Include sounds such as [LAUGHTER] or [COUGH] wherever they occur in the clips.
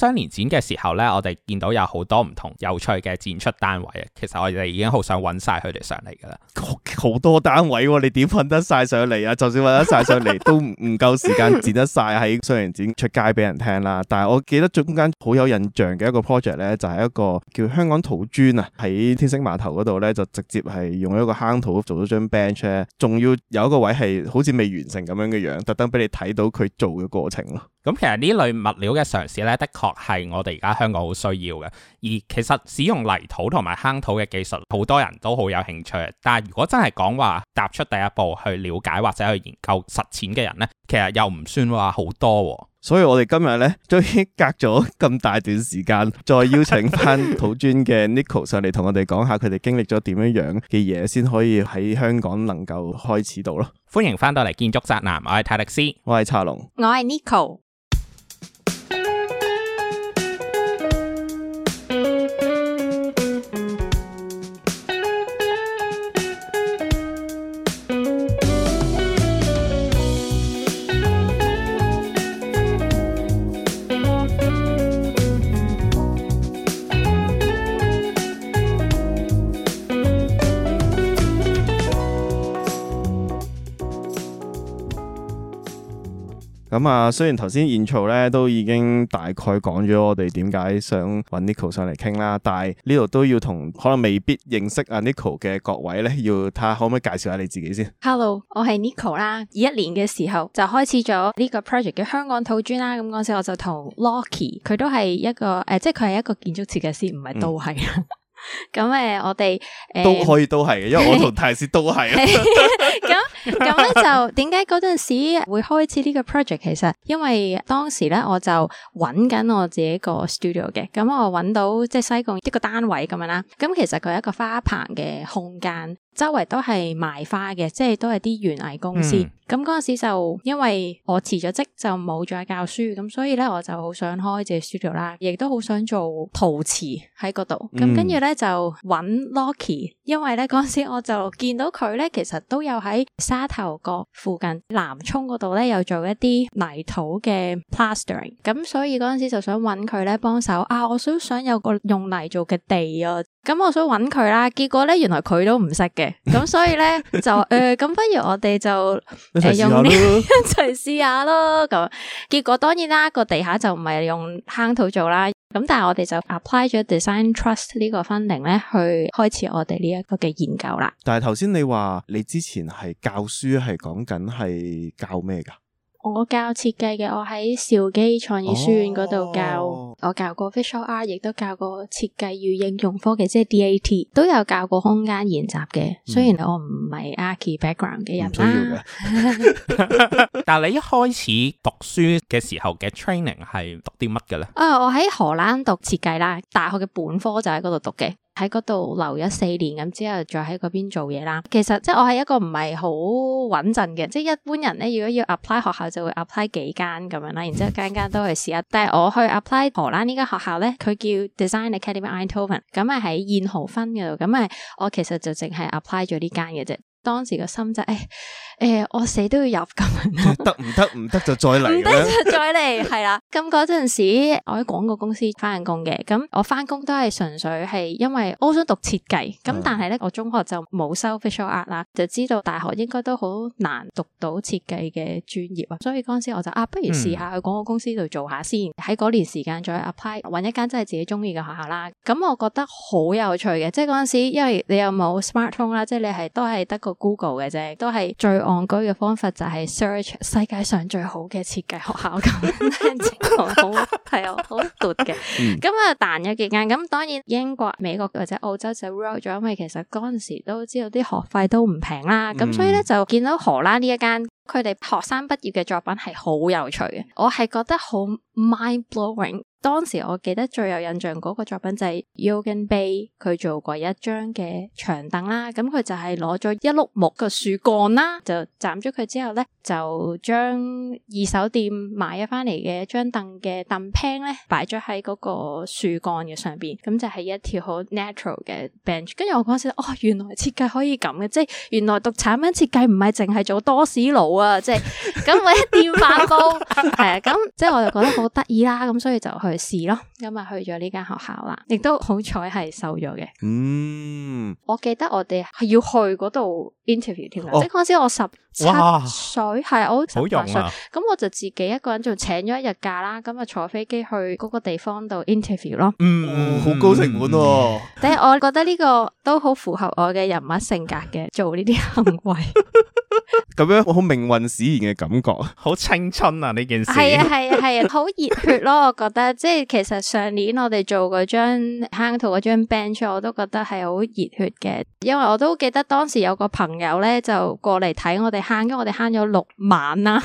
雙年展嘅時候咧，我哋見到有好多唔同有趣嘅展出單位啊。其實我哋已經好想揾晒佢哋上嚟噶啦，好多單位、啊、你點揾得晒上嚟啊？就算揾得晒上嚟， [LAUGHS] 都唔夠時間剪得晒喺雙年展出街俾人聽啦。但係我記得中間好有印象嘅一個 project 咧，就係、是、一個叫香港土磚啊，喺天星碼頭嗰度咧，就直接係用一個夯土做咗張 bench 仲要有一個位係好似未完成咁樣嘅樣，特登俾你睇到佢做嘅過程咯。咁其實呢類物料嘅嘗試呢，的確係我哋而家香港好需要嘅。而其實使用泥土同埋夯土嘅技術，好多人都好有興趣。但係如果真係講話踏出第一步去了解或者去研究實踐嘅人呢，其實又唔算話好多，哦。所以我哋今日呢，終於隔咗咁大段時間，再邀請翻土磚嘅 Niko [LAUGHS] 上嚟，同我哋講下佢哋經歷咗點樣樣嘅嘢，先可以喺香港能夠開始到咯。歡迎翻到嚟建築宅男，我係泰迪斯，我係叉龍，我係 Niko 咁啊，雖然頭先演籌咧都已經大概講咗我哋點解想揾 Niko 上嚟傾啦，但係呢度都要同可能未必認識啊 Niko 嘅各位咧，要睇下可唔可以介紹下你自己先。Hello，我係 Niko 啦。二一年嘅時候就開始咗呢個 project 嘅香港土磚啦。咁嗰時我就同 Locky，佢都係一個誒、呃，即係佢係一個建築設計師，唔係都係、嗯。 [LAUGHS] 咁誒、嗯，我哋誒、欸、都可以都係嘅，因為我同泰斯都係。咁咁咧就點解嗰陣時會開始呢個 project？其實因為當時咧，我就揾緊我自己個 studio 嘅。咁、嗯、我揾到即係、就是、西貢一個單位咁樣啦。咁、嗯、其實佢係一個花棚嘅空間。周圍都係賣花嘅，即係都係啲園藝公司。咁嗰陣時就因為我辭咗職，就冇再教書，咁所以咧我就好想開隻 studio 啦，亦都好想做陶瓷喺嗰度。咁跟住咧就揾 Locky，因為咧嗰陣時我就見到佢咧，其實都有喺沙頭角附近南涌嗰度咧，有做一啲泥土嘅 plastering。咁所以嗰陣時就想揾佢咧幫手。啊，我都想有個用泥做嘅地啊！咁、嗯、我想揾佢啦，結果咧原來佢都唔識嘅。咁所以咧 [LAUGHS] 就，誒、咁、呃、不如我哋就誒用呢一齊試一下咯。咁結果當然啦，個地下就唔係用夯土做啦，咁但係我哋就 apply 咗 design trust 呢個 funding 咧去開始我哋呢一個嘅研究啦。但係頭先你話你之前係教書係講緊係教咩㗎？我教設計嘅，我喺兆基創意書院嗰度教，哦、我教過 Visual Art，亦都教過設計與應用科嘅，即係 DAT，都有教過空間研習嘅。雖然我唔係 Archi background 嘅人啦， [LAUGHS] [LAUGHS] 但係你一開始讀書嘅時候嘅 training 係讀啲乜嘅咧？啊，我喺荷蘭讀設計啦，大學嘅本科就喺嗰度讀嘅。喺嗰度留咗四年咁之後，再喺嗰邊做嘢啦。其實即係我係一個唔係好穩陣嘅，即係一般人咧，如果要 apply 學校就會 apply 幾間咁樣啦，然之後間間都去試下，但係我去 apply 荷蘭呢間學校咧，佢叫 Design Academy a n t w e r 咁啊，喺燕豪芬嗰度。咁啊，我其實就淨係 apply 咗呢間嘅啫。當時個心就誒、是。誒，我死都要入咁，得唔得唔得就再嚟，唔 [LAUGHS] 得就再嚟，係啦。咁嗰陣時，我喺廣告公司翻緊工嘅，咁我翻工都係純粹係因為我想讀設計，咁但係咧，嗯、我中學就冇修 official art 啦就知道大學應該都好難讀到設計嘅專業啊，所以嗰陣時我就啊，不如試下去廣告公司度做下先，喺嗰年時間再 apply，搵一間真係自己中意嘅學校啦。咁我覺得好有趣嘅，即係嗰陣時，因為你有冇 smartphone 啦，即係你係都係得個 Google 嘅啫，都係最。戇居嘅方法就係 search 世界上最好嘅設計學校咁，好係好好 unique 嘅。咁啊彈咗幾間，咁當然英國、美國或者澳洲就 roll 咗，因為其實嗰陣時都知道啲學費都唔平啦。咁、嗯、所以咧就見到荷蘭呢一間，佢哋學生畢業嘅作品係好有趣嘅，我係覺得好 mind blowing。當時我記得最有印象嗰個作品就係 Jurgen Bey，佢做過一張嘅長凳啦，咁佢就係攞咗一碌木嘅樹幹啦，就斬咗佢之後咧，就將二手店買咗翻嚟嘅一張凳嘅凳平咧擺咗喺嗰個樹幹嘅上邊，咁就係一條好 natural 嘅 bench。跟住我嗰陣時，哦，原來設計可以咁嘅，即係原來讀產品設計唔係淨係做多士爐啊，即係咁或者電飯煲，係啊，咁即係我就覺得好得意啦，咁所以就去。去試咯，因為去咗呢間學校啦，亦都好彩係收咗嘅。嗯，我記得我哋係要去嗰度 interview，哦，即係開始我十。哇，水係我好百水，咁、啊、我就自己一個人仲請咗一日假啦，咁啊坐飛機去嗰個地方度 interview 咯。嗯，好、嗯、高成本喎、啊。但係我覺得呢個都好符合我嘅人物性格嘅，做呢啲行為。咁 [LAUGHS] [LAUGHS] 樣我好命運使然嘅感覺， [LAUGHS] 好青春啊！呢件事係啊係啊係啊，好熱、啊啊啊啊、血咯！我覺得即係 [LAUGHS] [LAUGHS] 其實上年我哋做嗰張夯土嗰張 bench，我都覺得係好熱血嘅，因為我都記得當時有個朋友咧就過嚟睇我哋。慳咗我哋慳咗六萬啦、啊，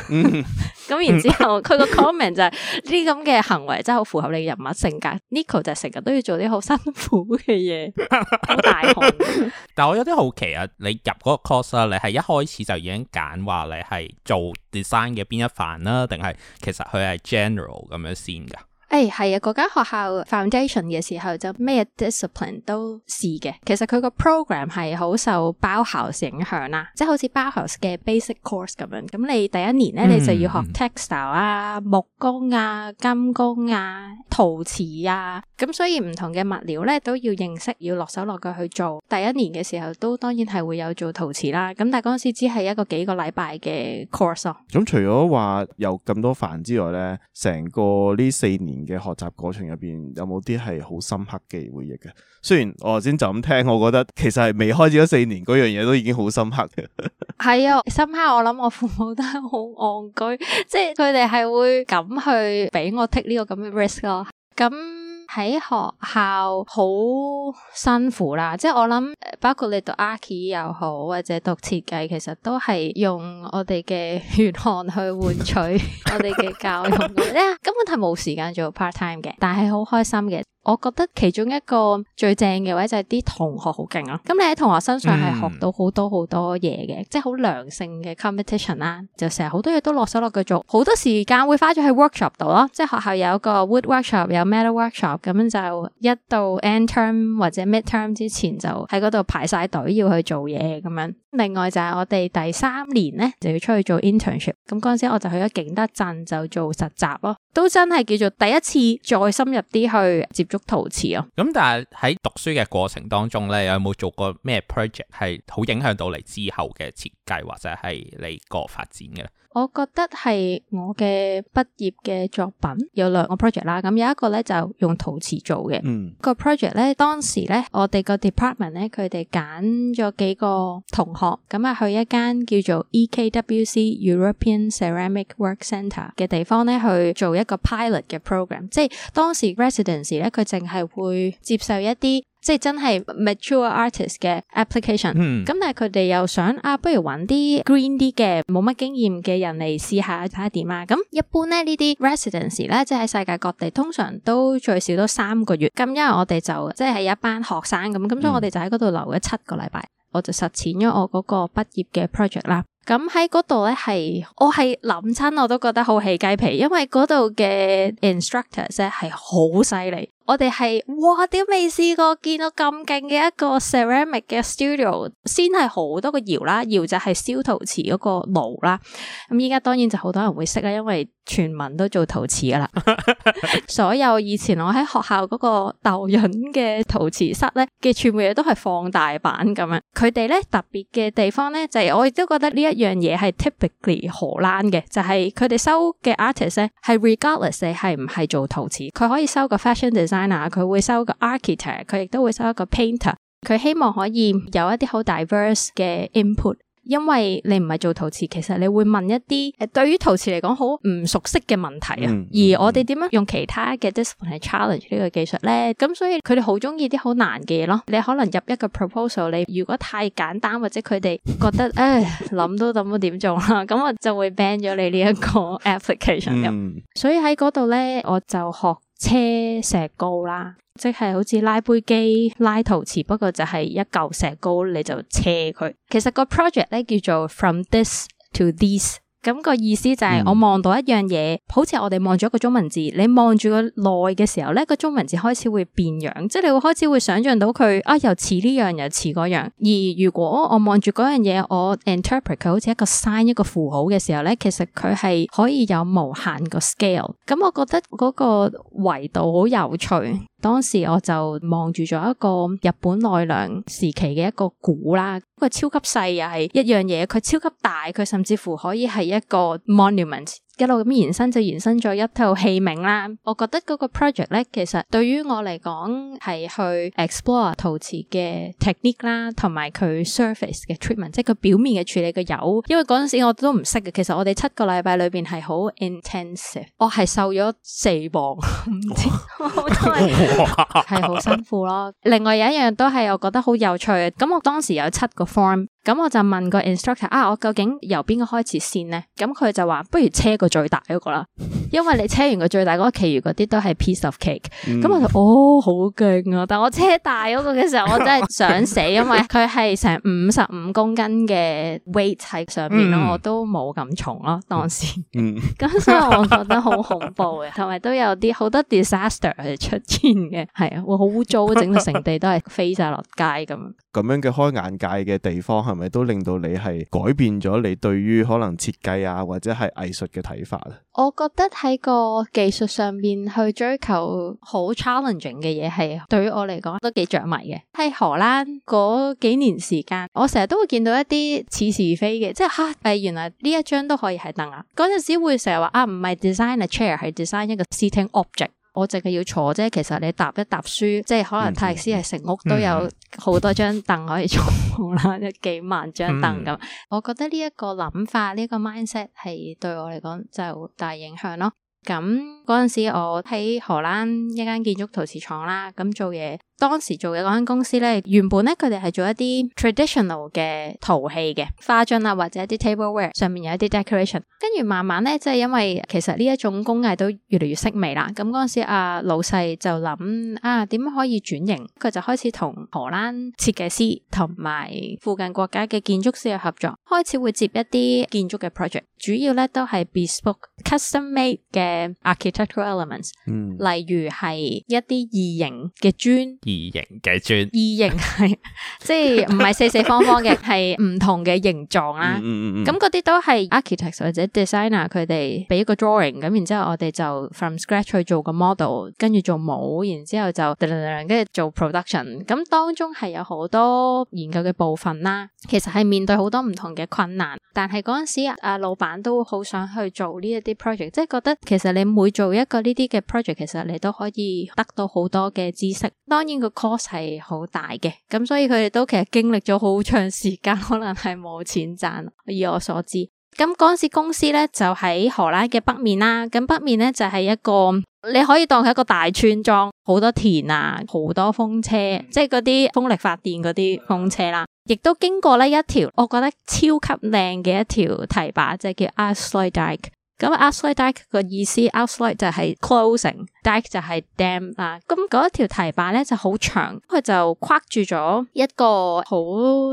咁 [LAUGHS] 然之後佢個 comment 就係呢啲咁嘅行為真係好符合你人物性格。Niko 就成日都要做啲好辛苦嘅嘢，好 [LAUGHS] 大雄。 [LAUGHS] 但我有啲好奇啊，你入嗰個 course 啊，你係一開始就已經揀話你係做 design 嘅邊一範啦、啊，定係其實佢係 general 咁樣先噶？誒，係啊、哎，嗰間學校 foundation 嘅時候就咩 discipline 都試嘅。其實佢個 program 係好受 Bauhaus 影響啦，即係好似 Bauhaus 嘅 basic course 咁樣。咁你第一年咧，嗯、你就要學 textile 啊、木工啊、金工啊、陶瓷啊。咁所以唔同嘅物料咧都要認識，要落手落腳去做。第一年嘅時候都當然係會有做陶瓷啦。咁但係嗰陣時只係一個幾個禮拜嘅 course 咯、喔。咁、嗯、除咗話有咁多飯之外咧，成個呢四年嘅學習過程入邊有冇啲係好深刻嘅回憶嘅？雖然我頭先就咁聽，我覺得其實係未開始咗四年嗰樣嘢都已經好深刻。嘅、呃。係啊，深刻。我諗我父母都係好戇居，即係佢哋係會咁去俾我 take 呢個咁嘅 risk 咯。咁、嗯。嗯喺學校好辛苦啦，即係我諗、呃，包括你讀 arch 又好，或者讀設計，其實都係用我哋嘅血汗去換取我哋嘅教育，因 [LAUGHS] 根本係冇時間做 part time 嘅，但係好開心嘅。我覺得其中一個最正嘅位就係啲同學好勁啊。咁你喺同學身上係學到好多好多嘢嘅，嗯、即係好良性嘅 competition 啦、啊。就成日好多嘢都落手落腳做，好多時間會花咗喺 workshop 度咯。即係學校有一個 wood workshop，有 metal workshop，咁樣就一到 end term 或者 mid term 之前就喺嗰度排晒隊要去做嘢咁樣。另外就係我哋第三年咧就要出去做 internship，咁嗰陣時我就去咗景德鎮就做實習咯，都真係叫做第一次再深入啲去接觸。陶瓷咯，咁但係喺讀書嘅過程當中咧，有冇做過咩 project 係好影響到你之後嘅設計或者係你個發展嘅咧？我覺得係我嘅畢業嘅作品有兩個 project 啦，咁有一個咧就用陶瓷做嘅，嗯，個 project 咧當時咧我哋個 department 咧佢哋揀咗幾個同學咁啊，去一間叫做 E K W C European Ceramic Work Center 嘅地方咧去做一個 pilot 嘅 program，即係當時 residents 咧佢。淨係會接受一啲即係真係 mature artist 嘅 application，咁、嗯、但係佢哋又想啊，不如揾啲 green 啲嘅冇乜經驗嘅人嚟試下睇下點啊！咁、嗯、一般咧呢啲 residency 咧即係世界各地通常都最少都三個月。咁、嗯、因為我哋就即係一班學生咁，咁、嗯、所以我哋就喺嗰度留咗七個禮拜，我就實踐咗我嗰個畢業嘅 project 啦。咁喺嗰度咧係我係諗親我都覺得好起雞皮，因為嗰度嘅 instructors 咧係好犀利。我哋係哇，屌未試過見到咁勁嘅一個 ceramic 嘅 studio，先係好多個窑啦，窑就係燒陶瓷嗰個爐啦。咁依家當然就好多人會識啦，因為全民都做陶瓷噶啦。 [LAUGHS] [LAUGHS] 所有以前我喺學校嗰個斗韻嘅陶瓷室咧，嘅全部嘢都係放大版咁樣。佢哋咧特別嘅地方咧，就係、是、我亦都覺得呢一樣嘢係 typically 荷蘭嘅，就係佢哋收嘅 artist 咧係 regardless 係唔係做陶瓷，佢可以收個 fashion design。佢會收一個 architect，佢亦都會收一個 painter，佢希望可以有一啲好 diverse 嘅 input，因為你唔係做陶瓷，其實你會問一啲誒對於陶瓷嚟講好唔熟悉嘅問題啊，嗯嗯、而我哋點樣用其他嘅 discipline challenge 呢個技術咧？咁所以佢哋好中意啲好難嘅嘢咯。你可能入一個 proposal，你如果太簡單或者佢哋覺得誒諗都諗唔點做啦，咁我就會 ban 咗你呢一個 application 入。嗯、所以喺嗰度咧，我就學。車石膏啦，即係好似拉杯機、拉陶瓷，不過就係一嚿石膏你就車佢。其實個 project 咧叫做 From This to This。咁個意思就係我望到一樣嘢，嗯、好似我哋望住一個中文字。你望住個耐嘅時候咧，個中文字開始會變樣，即係你會開始會想象到佢啊，又似呢樣又似嗰樣。而如果我望住嗰樣嘢，我 interpret 佢好似一個 sign 一個符號嘅時候咧，其實佢係可以有無限個 scale。咁我覺得嗰個維度好有趣。當時我就望住咗一個日本奈良時期嘅一個鼓啦，佢超級細又係一樣嘢，佢超級大，佢甚至乎可以係一個 monument。一路咁延伸就延伸咗一套器皿啦。我覺得嗰個 project 咧，其實對於我嚟講係去 explore 陶瓷嘅 technique 啦，同埋佢 surface 嘅 treatment，即係佢表面嘅處理嘅油。因為嗰陣時我都唔識嘅。其實我哋七個禮拜裏邊係好 intensive 我係瘦咗四磅，唔 [LAUGHS] 知道，係 [LAUGHS] 好 [LAUGHS] 辛苦咯。另外有一樣都係我覺得好有趣嘅。咁我當時有七個 form。咁我就問個 instructor 啊，我究竟由邊個開始先咧？咁佢就話：不如車個最大嗰個啦，因為你車完個最大嗰個，其餘嗰啲都係 piece of cake。咁、嗯、我就哦，好勁啊！但我車大嗰個嘅時候，我真係想死，因為佢係成五十五公斤嘅 weight 喺上面咯，嗯、我都冇咁重咯、啊，當時。咁 [LAUGHS] [LAUGHS] 所以我覺得好恐怖嘅、啊，同埋都有啲好多 disaster 出現嘅，係啊，會好污糟，到整到成地都係飛晒落街咁。咁樣嘅開眼界嘅地方係咪都令到你係改變咗你對於可能設計啊或者係藝術嘅睇法咧？我覺得喺個技術上面去追求好 challenging 嘅嘢係對於我嚟講都幾着迷嘅。喺荷蘭嗰幾年時間，我成日都會見到一啲似是非嘅，即係嚇誒，原來呢一張都可以喺凳啊。嗰陣時會成日話啊，唔係 design a chair 係 design 一個視聽 object。我淨係要坐啫，其實你搭一搭書，即係可能泰斯係成屋都有好多張凳可以坐啦， [LAUGHS] [LAUGHS] 幾萬張凳咁。我覺得呢一個諗法，呢一個 mindset 係對我嚟講就大影響咯。咁嗰陣時我喺荷蘭一間建築陶瓷廠啦，咁做嘢。當時做嘅嗰間公司咧，原本咧佢哋係做一啲 traditional 嘅陶器嘅花樽啊，或者一啲 tableware 上面有一啲 decoration。跟住慢慢咧，即係因為其實呢一種工藝都越嚟越式微啦。咁嗰陣時，阿老細就諗啊，點樣可以轉型？佢就開始同荷蘭設計師同埋附近國家嘅建築師合作，開始會接一啲建築嘅 project。主要咧都係 bespoke custom made 嘅 architectural elements，嗯，例如係一啲異形嘅磚。異形嘅磚，異形係即係唔係四四方方嘅，係唔 [LAUGHS] 同嘅形狀啦。咁嗰啲都係 architects 或者 designer 佢哋俾一個 drawing，咁然之後我哋就 from scratch 去做個 model，跟住做模，然之後就，跟住做 production。咁當中係有好多研究嘅部分啦。其實係面對好多唔同嘅困難，但係嗰陣時啊老闆都好想去做呢一啲 project，即係覺得其實你每做一個呢啲嘅 project，其實你都可以得到好多嘅知識。當然。呢個 course 係好大嘅，咁所以佢哋都其實經歷咗好長時間，可能係冇錢賺。以我所知，咁嗰時公司咧就喺荷蘭嘅北面啦，咁北面咧就係一個，你可以當佢一個大村莊，好多田啊，好多風車，即係嗰啲風力發電嗰啲風車啦。亦都經過呢一條，我覺得超級靚嘅一條堤壩，即係叫 Afsluitdijk。咁 Afsluitdijk 個意思，Afsluit 就係 closing。就係 dam 啦，咁嗰一條堤壩咧就好長，佢就框住咗一個好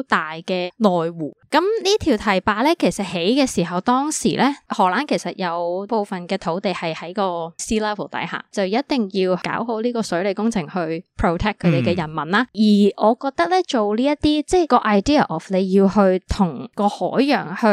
大嘅內湖。咁呢條堤壩咧，其實起嘅時候，當時咧荷蘭其實有部分嘅土地係喺個 sea level 底下，就一定要搞好呢個水利工程去 protect 佢哋嘅人民啦。嗯、而我覺得咧，做呢、就是、一啲即係個 idea of 你要去同個海洋去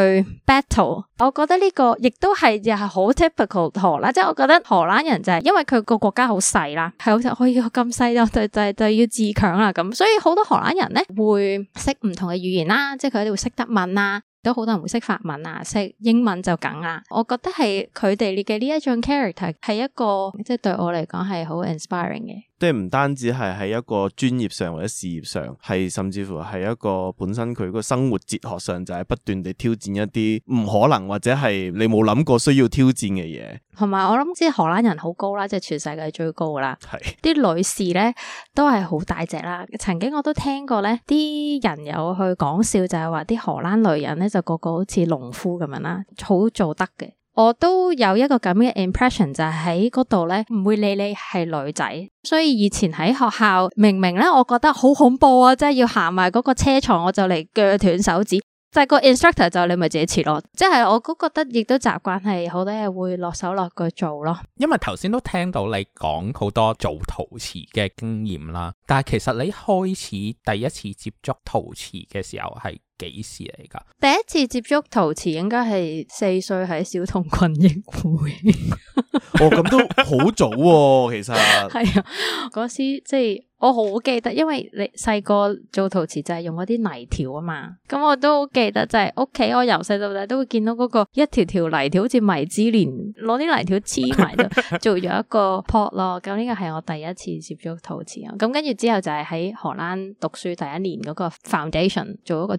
battle，我覺得呢個亦都係又係好 typical 荷蘭，即、就、係、是、我覺得荷蘭人就係因為佢。個國家好細啦，係好細、哎、就可以咁細都就就就要自強啦，咁，所以好多荷蘭人咧會識唔同嘅語言啦，即係佢哋會識德文啦，都好多人會識法文啊，識英文就梗啦。我覺得係佢哋嘅呢一種 character 係一個，即係對我嚟講係好 inspiring 嘅。即係唔單止係喺一個專業上或者事業上，係甚至乎係一個本身佢嗰個生活哲學上，就係不斷地挑戰一啲唔可能或者係你冇諗過需要挑戰嘅嘢。同埋我諗，知荷蘭人好高啦，即係全世界最高㗎啦。係啲 [LAUGHS] 女士咧都係好大隻啦。曾經我都聽過咧，啲人有去講笑，就係話啲荷蘭女人咧就個個好似農夫咁樣啦，好做得嘅。我都有一個咁嘅 impression，就喺嗰度呢，唔會理你係女仔。所以以前喺學校，明明呢我覺得好恐怖啊！即係要行埋嗰個車床，我就嚟鋸斷手指。但係個 instructor 就你咪自己切咯。即係我都覺得亦都習慣係好多嘢會落手落腳做咯。因為頭先都聽到你講好多做陶瓷嘅經驗啦，但係其實你開始第一次接觸陶瓷嘅時候係。幾時嚟㗎、啊？第一次接觸陶瓷應該係四歲喺小童群益會。 [LAUGHS] 哦，咁都好早喎、啊，其實係 [LAUGHS] 啊。嗰時即係、就是、我好記得，因為你細個做陶瓷就係用嗰啲泥條啊嘛。咁我都好記得就係屋企，我由細到大都會見到嗰個一條條泥條，好似迷之連攞啲泥條黐埋咗，做咗一個 pot 咯。咁呢 [LAUGHS] 個係我第一次接觸陶瓷啊。咁跟住之後就係喺荷蘭讀書第一年嗰個 foundation 做咗個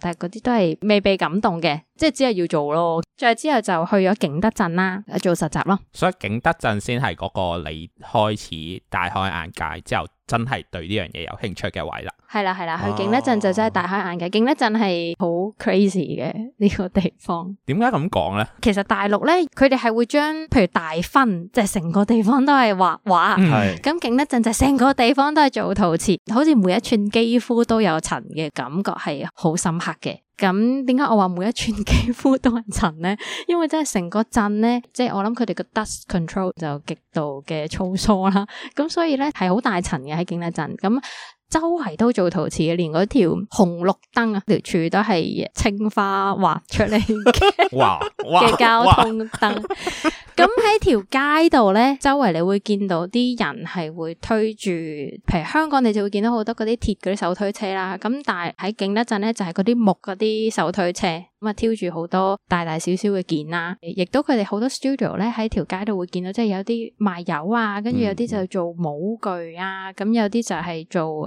但係嗰啲都係未被感動嘅，即係只係要做咯。再之後就去咗景德鎮啦，做實習咯。所以景德鎮先係嗰個你開始大開眼界之後。真係對呢樣嘢有興趣嘅位啦，係啦係啦，去景德鎮就真係大開眼界，哦、景德鎮係好 crazy 嘅呢、這個地方。點解咁講呢？其實大陸呢，佢哋係會將，譬如大芬，即係成個地方都係畫畫，咁、嗯、景德鎮就成個地方都係做陶瓷，好似每一寸肌膚都有塵嘅感覺，係好深刻嘅。咁點解我話每一寸肌膚都係塵呢？因為真係成個鎮呢，即、就、係、是、我諗佢哋個 dust control 就極度嘅粗疏啦。咁所以呢，係好大塵嘅喺景德鎮。周圍都做陶瓷嘅，連嗰條紅綠燈啊條柱都係青花畫出嚟嘅， [LAUGHS] 哇交通燈。咁喺條街度呢，周圍你會見到啲人係會推住，譬如香港你就會見到好多嗰啲鐵嗰啲手推車啦。咁但係喺景德鎮呢，就係嗰啲木嗰啲手推車咁啊，挑住好多大大小小嘅件啦。亦都佢哋好多 studio 呢，喺條街度會見到，即係有啲賣油啊，跟住有啲就做模具啊，咁，嗯，有啲就係做。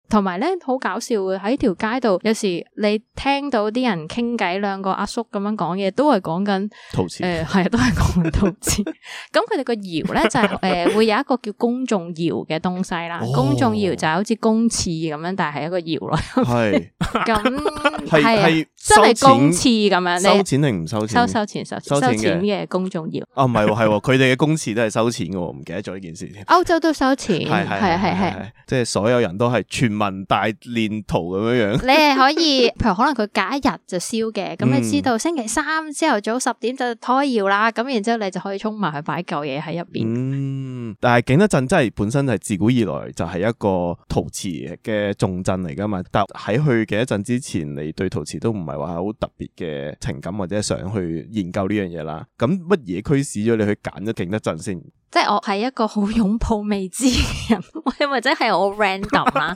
同埋咧，好搞笑嘅喺條街度，有時你聽到啲人傾偈，兩個阿叔咁樣講嘢，都係講緊陶瓷。誒，係啊，都係講陶瓷。咁佢哋個窯咧就係誒，會有一個叫公眾窯嘅東西啦。公眾窯就好似公廁咁樣，但係一個窯囉。係。咁係係真係公廁咁樣，收錢定唔收錢？收收錢收收錢嘅公眾窯。啊，唔係喎，係喎，佢哋嘅公廁都係收錢嘅喎，唔記得咗呢件事。歐洲都收錢，係係係係，即係所有人都係全。文大練陶咁樣樣， [LAUGHS] 你係可以，譬如可能佢隔一日就燒嘅，咁、嗯、你知道星期三朝頭早十點就胎窯啦，咁然之後你就可以衝埋去擺舊嘢喺入邊。嗯，但係景德鎮真係本身就係自古以來就係一個陶瓷嘅重鎮嚟噶嘛，但喺去景德鎮之前，你對陶瓷都唔係話好特別嘅情感或者想去研究呢樣嘢啦。咁乜嘢驅使咗你去揀咗景德鎮先？即係我係一個好擁抱未知嘅人，或者係我好 random 啦。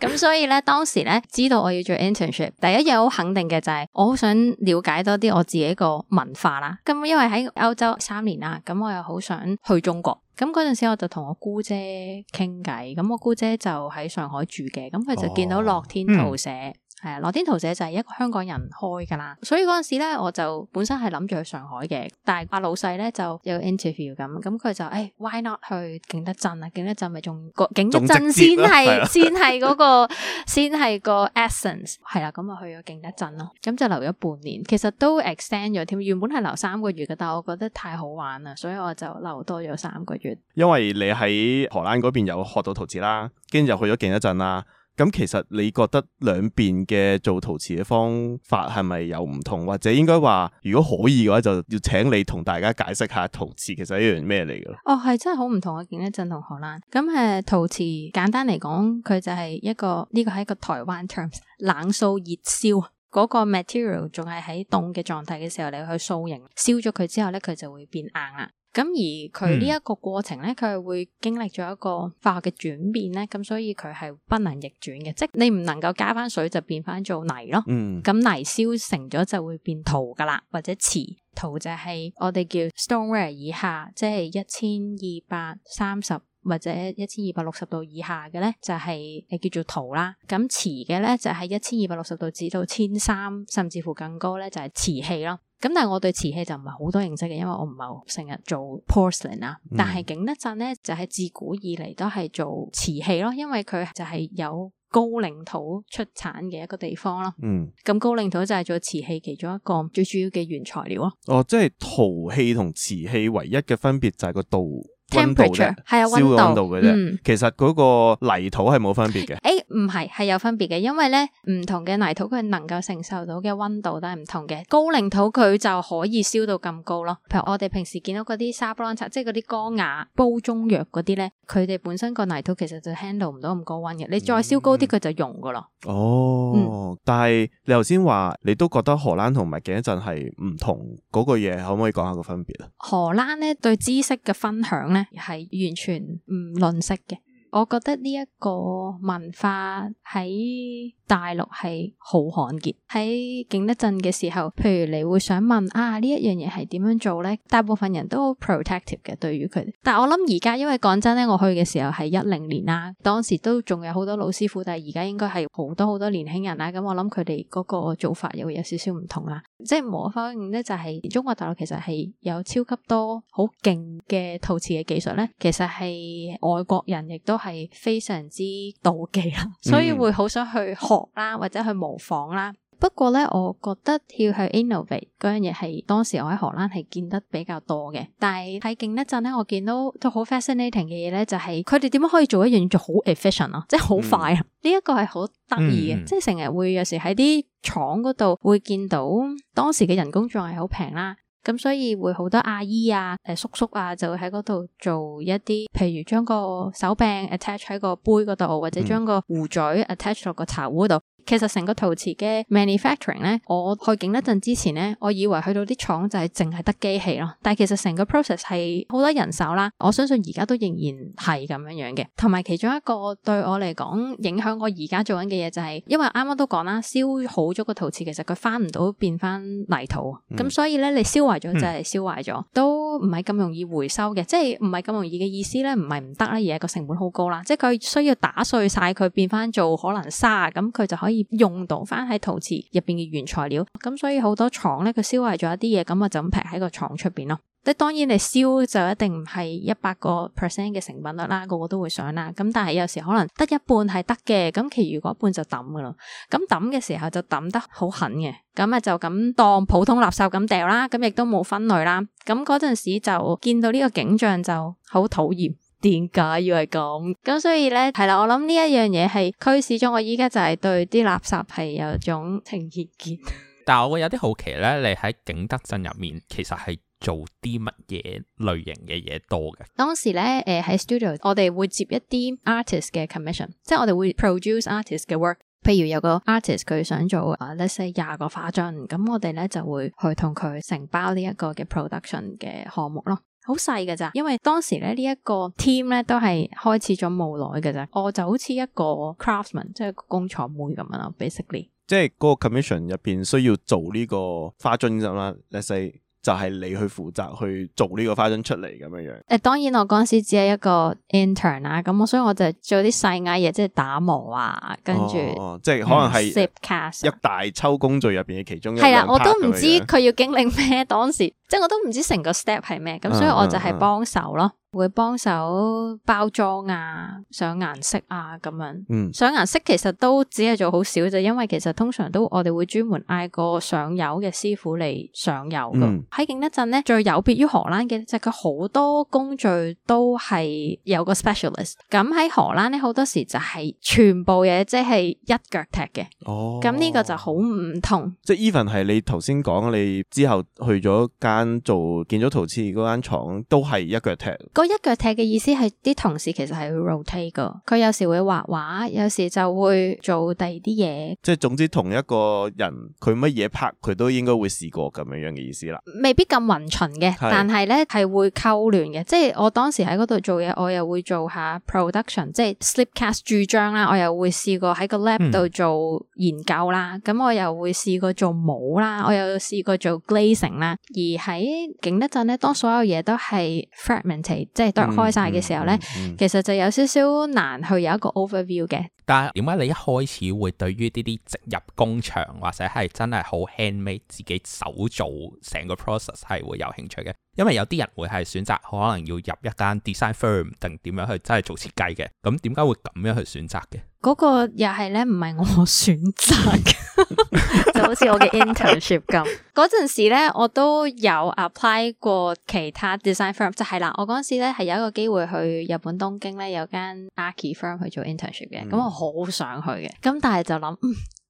咁 [LAUGHS] 所以咧，當時咧知道我要做 internship，第一樣好肯定嘅就係、是、我好想了解多啲我自己個文化啦。咁因為喺歐洲三年啦，咁我又好想去中國。咁嗰陣時我就同我姑姐傾偈，咁我姑姐就喺上海住嘅，咁佢就見到樂天陶社、哦。嗯係啊，樂天陶社就係一個香港人開噶啦，所以嗰陣時咧，我就本身係諗住去上海嘅，但係阿老細咧就有 interview 咁，咁佢就誒，why not 去景德鎮啊？景德鎮咪仲，個景德鎮先係先係嗰個，先係個 essence 係啦，咁啊去咗景德鎮咯，咁就留咗半年，其實都 extend 咗添，原本係留三個月嘅，但係我覺得太好玩啦，所以我就留多咗三個月。因為你喺荷蘭嗰邊有學到陶瓷啦，跟住又去咗景德鎮啦。咁其實你覺得兩邊嘅做陶瓷嘅方法係咪有唔同，或者應該話如果可以嘅話，就要請你同大家解釋下陶瓷其實係一樣咩嚟嘅咯？哦，係真係好唔同嘅，景德鎮同荷蘭。咁誒、呃，陶瓷簡單嚟講，佢就係一個呢、這個係一個台灣 terms，冷塑熱燒嗰個 material，仲係喺凍嘅狀態嘅時候，嗯、你去塑形，燒咗佢之後咧，佢就會變硬啦。咁而佢呢一個過程咧，佢係會經歷咗一個化學嘅轉變咧，咁所以佢係不能逆轉嘅，即係你唔能夠加翻水就變翻做泥咯。嗯、咁泥燒成咗就會變陶噶啦，或者瓷。陶就係我哋叫 stoneware 以下，即係一千二百三十或者一千二百六十度以下嘅咧，就係誒叫做陶啦。咁瓷嘅咧就係一千二百六十度至到千三甚至乎更高咧，就係瓷器咯。咁但係我對瓷器就唔係好多認識嘅，因為我唔係成日做 porcelain 啦、嗯。但係景德鎮咧就係、是、自古以嚟都係做瓷器咯，因為佢就係有高嶺土出產嘅一個地方咯。嗯，咁高嶺土就係做瓷器其中一個最主要嘅原材料咯。哦，即係陶器同瓷器唯一嘅分別就係個度。溫 temperature, 度嘅，係啊、嗯，燒嘅溫度嘅啫。其實嗰個泥土係冇分別嘅。誒，唔係，係有分別嘅、欸，因為咧唔同嘅泥土，佢能夠承受到嘅溫度都係唔同嘅。高嶺土佢就可以燒到咁高咯。譬如我哋平時見到嗰啲砂煲罉、即係嗰啲鋼瓦煲中藥嗰啲咧，佢哋本身個泥土其實就 handle 唔到咁高溫嘅。你再燒高啲，佢就溶噶咯。嗯、哦，嗯、但係你頭先話你都覺得荷蘭同埋景德鎮係唔同嗰個嘢，可唔可以講下個分別啊？荷蘭咧對知識嘅分享咧。係完全唔吝嗇嘅。我覺得呢一個文化喺大陸係好罕見。喺景德鎮嘅時候，譬如你會想問「啊，呢一樣嘢係點樣做呢？」大部分人都 protective 嘅對於佢哋。但我諗而家，因為講真咧，我去嘅時候係一零年啦，當時都仲有好多老師傅，但係而家應該係好多好多年輕人啦。咁我諗佢哋嗰個做法有有少少唔同啦。即係無可否認咧，就係中國大陸其實係有超級多好勁嘅陶瓷嘅技術呢，其實係外國人亦都。係非常之妒忌啦，所以會好想去學啦，或者去模仿啦。不過咧，我覺得要去 innovate 嗰樣嘢係當時我喺荷蘭係見得比較多嘅。但係喺景德鎮咧，我見到都好 fascinating 嘅嘢咧，就係佢哋點樣可以做一樣嘢做好 efficient 咯，即係好快。呢一、嗯、個係好得意嘅，嗯、即係成日會有時喺啲廠嗰度會見到當時嘅人工仲係好平啦。咁所以會好多阿姨啊、呃、叔叔啊，就會喺嗰度做一啲，譬如將個手柄 attach 喺個杯嗰度，或者將個壺嘴 attach 落個茶壺嗰度。其實成個陶瓷嘅 manufacturing 咧，我去景德鎮之前咧，我以為去到啲廠就係淨係得機器咯。但係其實成個 process 係好多人手啦。我相信而家都仍然係咁樣樣嘅。同埋其中一個對我嚟講影響我而家做緊嘅嘢就係、是，因為啱啱都講啦，燒好咗個陶瓷其實佢翻唔到變翻泥土，咁、嗯、所以咧你燒壞咗就係燒壞咗，嗯、都唔係咁容易回收嘅。即係唔係咁容易嘅意思咧？唔係唔得啦，而係個成本好高啦。即係佢需要打碎晒佢變翻做可能沙，咁佢就可以。可以用到翻喺陶瓷入邊嘅原材料，咁所以好多廠咧，佢燒壞咗一啲嘢，咁啊就咁劈喺個廠出邊咯。即當然你燒就一定唔係一百個 percent 嘅成品率啦，個個都會想啦。咁但係有時可能得一半係得嘅，咁其餘嗰半就抌噶啦。咁抌嘅時候就抌得好狠嘅，咁啊就咁當普通垃圾咁掉啦，咁亦都冇分類啦。咁嗰陣時就見到呢個景象就好討厭。點解要係咁？咁所以咧，係啦，我諗呢一樣嘢係，驅使咗我依家就係對啲垃圾係有種情意結。但係我會有啲好奇咧，你喺景德鎮入面，其實係做啲乜嘢類型嘅嘢多嘅？當時咧，誒、呃、喺 studio，我哋會接一啲 artist 嘅 commission，即係我哋會 produce artist 嘅 work。譬如有個 artist 佢想做啊 let's say 廿個花樽，咁我哋咧就會去同佢承包呢一個嘅 production 嘅項目咯。好細噶咋，因為當時咧呢一個 team 咧都係開始咗冇耐噶咋，我就好似一個 craftsman 即係工廠妹咁樣啦，basically。即係嗰個 commission 入邊需要做呢個花樽咋嘛，let's say。就係你去負責去做呢個花樽出嚟咁樣樣。誒，當然我嗰陣時只係一個 intern 啦，咁所以我就做啲細藝嘢，即係打磨啊，跟住，哦，即係可能係一大抽工序入邊嘅其中一。一係啊，我都唔知佢要經歷咩，當時 [LAUGHS] 即係我都唔知成個 step 係咩，咁所以我就係幫手咯。嗯嗯嗯會幫手包裝啊，上顏色啊，咁樣。嗯，上顏色其實都只係做好少啫，因為其實通常都我哋會專門嗌個上油嘅師傅嚟上油噶。喺景、嗯、德鎮咧，最有別於荷蘭嘅就佢好多工序都係有個 specialist、嗯。咁喺荷蘭咧，好多時就係全部嘢即係一腳踢嘅。哦，咁呢個就好唔同。即係 even 係你頭先講你之後去咗間做建築陶瓷嗰間廠，都係一腳踢。我一腳踢嘅意思係啲同事其實係會 rotate 噶，佢有時會畫畫，有時就會做第二啲嘢。即係總之，同一個人佢乜嘢 part，佢都應該會試過咁樣樣嘅意思啦。未必咁勻循嘅，是但係咧係會扣連嘅。即係我當時喺嗰度做嘢，我又會做下 production，即係 slipcast 注漿啦，我又會試過喺個 lab 度做研究啦。咁、嗯、我又會試過做模啦，我又試過做 glazing 啦。而喺景德鎮咧，當所有嘢都係 fragmented。即係剁開晒嘅時候咧，嗯嗯嗯、其實就有少少難去有一個 overview 嘅。但係點解你一開始會對於呢啲直入工場，或者係真係好 handmade 自己手做成個 process 係會有興趣嘅？因為有啲人會係選擇可能要入一間 design firm 定點樣去真係做設計嘅。咁點解會咁樣去選擇嘅？嗰個又係咧，唔係我選擇嘅， [LAUGHS] 就好似我嘅 internship 咁。嗰陣 [LAUGHS] 時咧，我都有 apply 過其他 design firm，就係、是、啦。我嗰陣時咧，係有一個機會去日本東京咧，有間 archi firm 去做 internship 嘅，咁我、嗯。好想去嘅，咁但係就諗，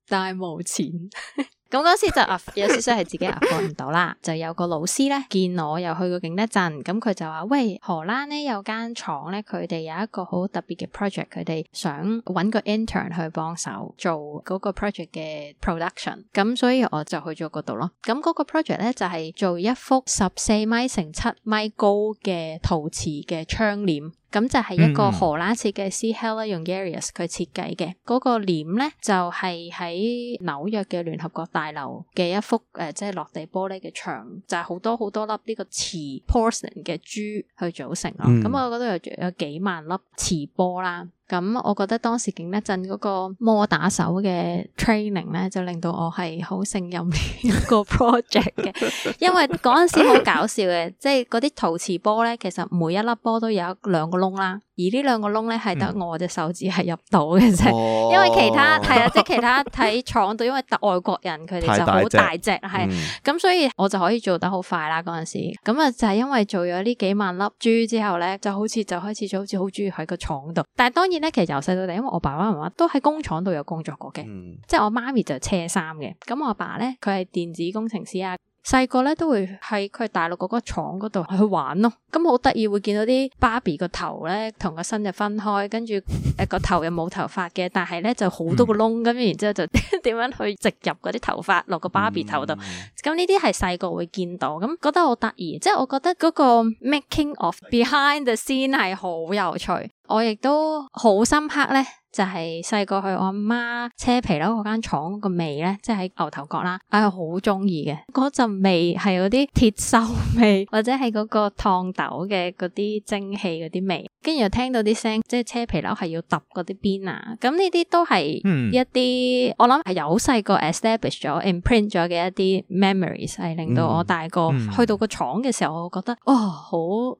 但係冇、嗯、錢。咁 [LAUGHS] 嗰時就啊，有少少係自己啊，過唔到啦。就有個老師咧，見我又去過景德鎮，咁佢就話：喂，荷蘭咧有間廠咧，佢哋有一個好特別嘅 project，佢哋想搵個 intern 去幫手做嗰個 project 嘅 production。咁所以我就去咗嗰度咯。咁嗰個 project 咧就係、是、做一幅十四米乘七米高嘅陶瓷嘅窗簾。咁就係一個荷蘭設計師 Hella 用 Garius 去設計嘅嗰、那個簾咧，就係、是、喺紐約嘅聯合國大樓嘅一幅誒，即、呃、係、就是、落地玻璃嘅牆，就係、是、好多好多粒呢個瓷 porcelain 嘅珠去組成咯。咁、嗯、我覺得有有幾萬粒磁波啦。咁、嗯，我覺得當時景德鎮嗰個摩打手嘅 training 咧，就令到我係好勝任呢個 project 嘅。 [LAUGHS] 因為嗰陣時好搞笑嘅，即係嗰啲陶瓷波咧，其實每一粒波都有一兩個窿啦、啊。而呢兩個窿咧，係得我隻手指係入到嘅啫，嗯、因為其他係啊，即係 [LAUGHS] 其他喺廠度，因為特外國人佢哋就好大隻，係咁的、嗯、所以我就可以做得好快啦嗰陣時。咁啊，就係因為做咗呢幾萬粒珠之後咧，就好似就開始咗，好似好中意喺個廠度。但係當然咧，其實由細到大，因為我爸爸媽媽都喺工廠度有工作過嘅，嗯、即係我媽咪就係車衫嘅，咁我阿爸咧佢係電子工程師啊。細個咧都會喺佢大陸嗰個廠嗰度去玩咯，咁好得意會見到啲芭比個頭咧同個身就分開，跟住誒個頭又冇頭髮嘅，但係咧就好多個窿，咁、嗯、然之後就點 [LAUGHS] 樣去植入嗰啲頭髮落個芭比頭度，咁呢啲係細個會見到，咁覺得好得意，即係我覺得嗰個 making of behind the scene 係好有趣，我亦都好深刻咧。就係細個去我阿媽車皮褸間廠個味咧，即係喺牛頭角啦，我係好中意嘅。陣味係啲鐵鏽味，或者係個燙斗嘅啲蒸汽啲味，跟住又聽到啲聲，即係車皮褸係要揼啲邊啊。咁呢啲都係一啲我諗係有細個 establish 咗，imprint 咗嘅一啲 memories，係令到我大個去到個廠嘅時候，我覺得哦好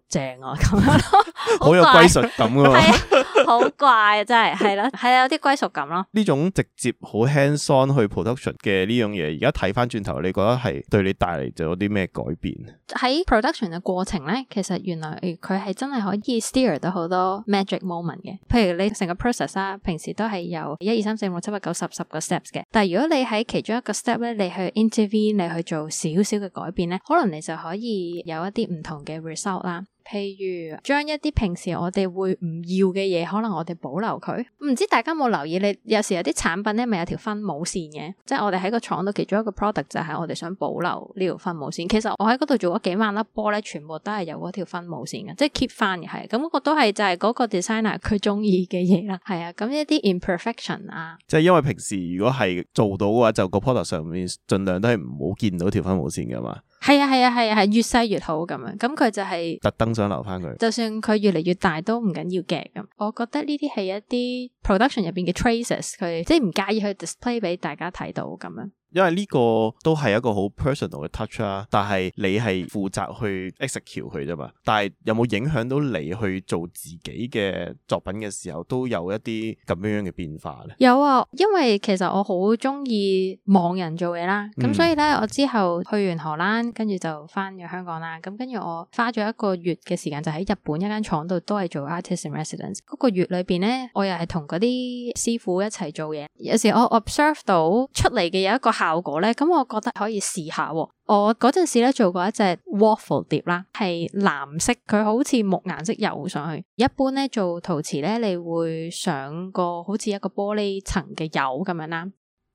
正啊！咁樣咯好有歸屬感㗎嘛，係好怪啊真係係啦。 [LAUGHS] 係啊，有啲歸屬感咯。呢種直接好輕鬆去 production 嘅呢樣嘢，而家睇翻轉頭，你覺得係對你帶嚟咗啲咩改變？喺 production 嘅過程咧，其實原來佢係、呃、真係可以 steer 到好多 magic moment 嘅。譬如你成個 process 啊，平時都係有一二三四五六七八九十十個 steps 嘅。但係如果你喺其中一個 step 咧，你去 i n t e r v i e w 你去做少少嘅改變咧，可能你就可以有一啲唔同嘅 result 啦、啊。譬如將一啲平時我哋會唔要嘅嘢，可能我哋保留佢。唔知大家有冇留意？你有時有啲產品咧，咪有條分母線嘅，即係我哋喺個廠度其中一個 product 就係我哋想保留呢條分母線。其實我喺嗰度做咗幾萬粒波咧，全部都係有嗰條分母線嘅，即係 keep 翻嘅係。咁我、嗰個、都係就係嗰個 designer 佢中意嘅嘢啦。係啊，咁一啲 imperfection 啊，即係因為平時如果係做到嘅話，就個 product 上面盡量都係唔好見到條分母線嘅嘛。係啊，係啊，係啊，係，越細越好咁樣。咁佢就係、係、特登想留翻佢，就算佢越嚟越大都唔緊要嘅。咁我覺得呢啲係一啲 production 入邊嘅 traces，佢即係、就、唔、係、介意去 display 俾大家睇到咁樣。因為呢個都係一個好 personal 嘅 touch 啦、啊，但係你係負責去 execute 佢啫嘛。但係有冇影響到你去做自己嘅作品嘅時候，都有一啲咁樣樣嘅變化咧？有啊，因為其實我好中意望人做嘢啦。咁、嗯、所以呢，我之後去完荷蘭，跟住就翻咗香港啦。咁跟住我花咗一個月嘅時間，就喺日本一間廠度都係做 artist in residence。嗰個月裏邊呢，我又係同嗰啲師傅一齊做嘢。有時我 observe 到出嚟嘅有一個效果咧，咁我覺得可以試下喎、哦。我嗰陣時咧，做過一隻 waffle 碟啦，係藍色，佢好似木顏色油上去。一般咧做陶瓷咧，你會上個好似一個玻璃層嘅油咁樣啦。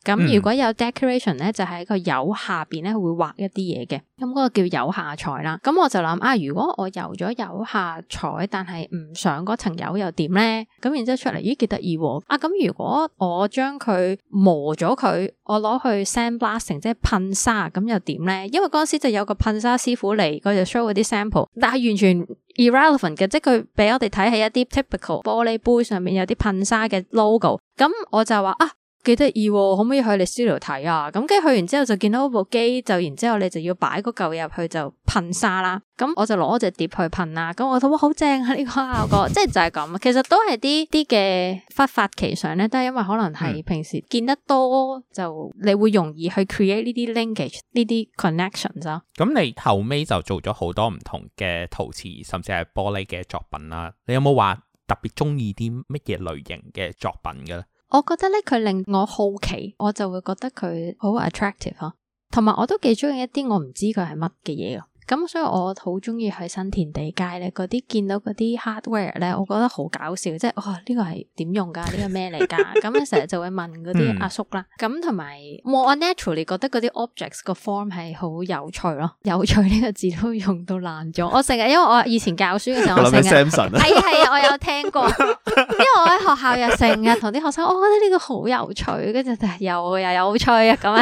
咁、嗯、如果有 decoration 咧，就喺個釉下邊咧會畫一啲嘢嘅，咁嗰個叫釉下彩啦。咁我就諗啊，如果我油咗釉下彩，但係唔上嗰層油又點咧？咁然之後出嚟，咦，幾得意喎！啊，咁如果我將佢磨咗佢，我攞去 sandblasting，即係噴砂，咁又點咧？因為嗰時就有個噴砂師傅嚟，佢就 show 嗰啲 sample，但係完全 irrelevant 嘅，即係佢俾我哋睇起一啲 typical 玻璃杯上面有啲噴砂嘅 logo。咁我就話啊。幾得意，可唔可以去你 studio 睇啊？咁跟住去完之後就見到部機，就然之後你就要擺嗰嚿入去就噴砂啦。咁、嗯、我就攞隻碟去噴啊。咁我覺得好正啊！呢個效果，即係就係咁。其實都係啲啲嘅忽發奇想咧，都係因為可能係平時見得多，嗯、就你會容易去 create 呢啲 linkage 呢啲 connections 咁、啊、你後尾就做咗好多唔同嘅陶瓷，甚至係玻璃嘅作品啦、啊。你有冇話特別中意啲乜嘢類型嘅作品噶？我覺得咧，佢令我好奇，我就會覺得佢好 attractive 咯，同埋我都幾中意一啲我唔知佢係乜嘅嘢。咁所以我好中意喺新田地街咧，嗰啲見到嗰啲 hardware 咧，我覺得好搞笑，即係哇呢個係點用㗎？呢、這個咩嚟㗎？咁咧成日就會問嗰啲阿叔啦。咁同埋我 naturally 覺得嗰啲 objects 個 form 係好有趣咯。有趣呢個字都用到爛咗。我成日因為我以前教書嘅時候， [LAUGHS] 我成日係啊啊，我有聽過。因為我喺學校又成日同啲學生，我覺得呢個好有趣，跟住又又有趣啊咁啊，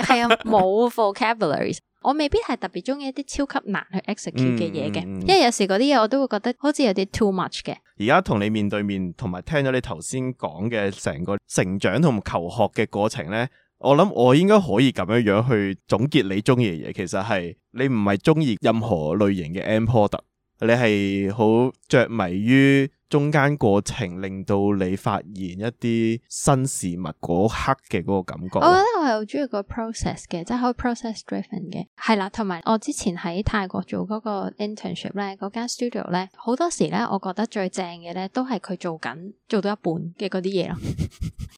係啊冇 vocabulary。我未必係特別中意一啲超級難去 execute 嘅嘢嘅，嗯嗯、因為有時嗰啲嘢我都會覺得好似有啲 too much 嘅。而家同你面對面，同埋聽咗你頭先講嘅成個成長同求學嘅過程呢，我諗我應該可以咁樣樣去總結你中意嘅嘢。其實係你唔係中意任何類型嘅 end product，o 你係好着迷於。中間過程令到你發現一啲新事物嗰刻嘅嗰個感覺，我覺得我係好中意個 process 嘅，即係可以 process driven 嘅，係啦。同埋我之前喺泰國做嗰個 internship 咧，嗰間 studio 咧，好多時咧，我覺得最正嘅咧，都係佢做緊做到一半嘅嗰啲嘢咯。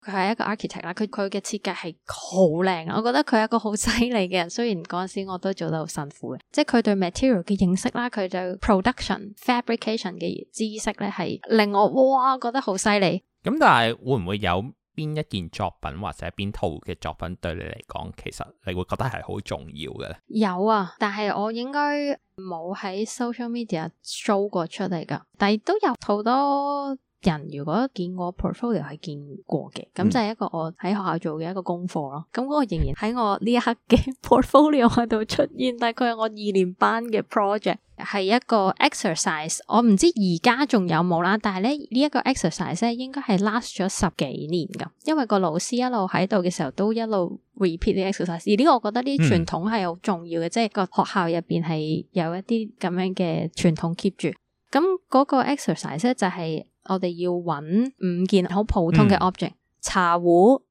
佢係 [LAUGHS] 一個 architect 啦，佢佢嘅設計係好靚，我覺得佢係一個好犀利嘅人。雖然嗰陣時我都做得好辛苦嘅，即係佢對 material 嘅認識啦，佢對 production fabrication 嘅知識咧係。令我哇，覺得好犀利。咁但係會唔會有邊一件作品或者邊套嘅作品對你嚟講，其實你會覺得係好重要嘅咧？有啊，但係我應該冇喺 social media show 過出嚟噶，但係都有好多。人如果見過我 portfolio 係見過嘅，咁就係一個我喺學校做嘅一個功課咯。咁嗰個仍然喺我呢一刻嘅 portfolio 度出現，大概係我二年班嘅 project，係一個 exercise。我唔知而家仲有冇啦，但係咧，呢一個 exercise 應該係 last 咗十幾年噶，因為個老師一路喺度嘅時候都一路 repeat 呢個 exercise。而呢個我覺得呢啲傳統係好重要嘅，即係個學校入邊係有一啲咁樣嘅傳統 keep 住。咁嗰個 exercise 就係。我哋要揾五件好普通嘅 object，茶壺、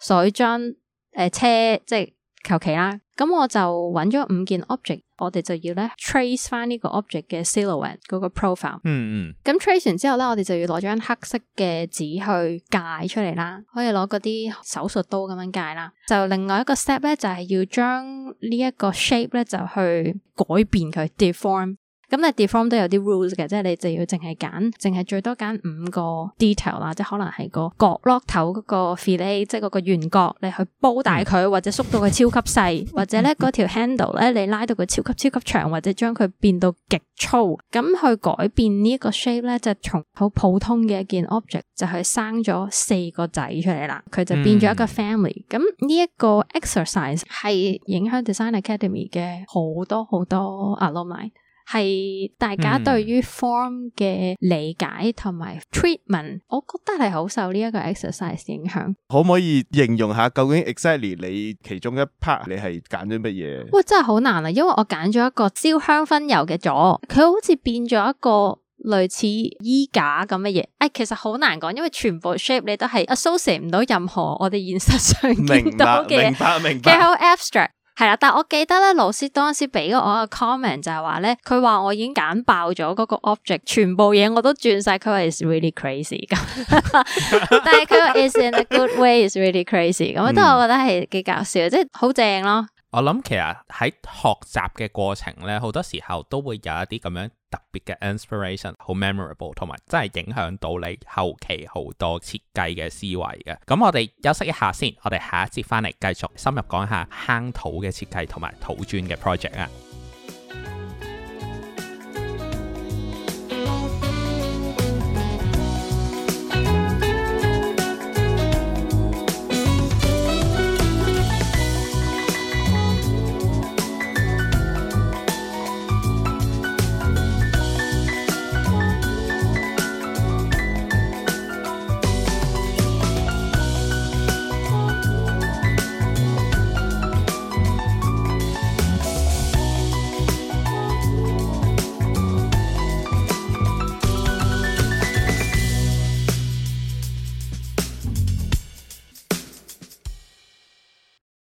水樽、誒、呃、車，即係求其啦。咁我就揾咗五件 object，我哋就要咧 trace 翻呢個 object 嘅 silhouette 嗰個 profile。嗯嗯。咁 trace 完之後咧，我哋就要攞張黑色嘅紙去界出嚟啦，可以攞嗰啲手術刀咁樣界啦。就另外一個 step 咧，就係、是、要將呢一個 shape 咧，就去改變佢 deform。De 咁你 deform 都有啲 rules 嘅，就是，即係你就要淨係揀，淨係最多揀五個 detail 啦，即係可能係個角落頭嗰個 fillet，即係嗰個圓角，你去煲大佢，或者縮到佢超級細，或者咧嗰條 handle 咧，你拉到佢超級超級長，或者將佢變到極粗。咁去改變呢一個 shape 咧，就從好普通嘅一件 object 就係生咗四個仔出嚟啦，佢就變咗一個 family、嗯。咁呢一個 exercise 係影響 Design Academy 嘅好多好多 alumni 係大家對於 form 嘅理解同埋 treatment，、嗯、我覺得係好受呢一個 exercise 影響。可唔可以形容下究竟 exactly 你其中一 part 你係揀咗乜嘢？哇，真係好難啊！因為我揀咗一個焦香熏油嘅座，佢好似變咗一個類似衣架咁嘅嘢。誒、哎，其實好難講，因為全部 shape 你都係 associate 唔到任何我哋現實上明白見到嘅，好 abstract。係啦，但係我記得咧，老師當時俾我個 comment 就係話咧，佢話我已經揀爆咗嗰個 object，全部嘢我都轉晒，佢話 it's really crazy 咁，但係佢話 it's in a good way it's really crazy 咁，我都我覺得係幾搞笑，即係好正咯。我諗其實喺學習嘅過程呢，好多時候都會有一啲咁樣特別嘅 inspiration，好 memorable，同埋真係影響到你後期好多設計嘅思維嘅。咁我哋休息一下先，我哋下一節翻嚟繼續深入講下夯土嘅設計同埋土磚嘅 project 啊。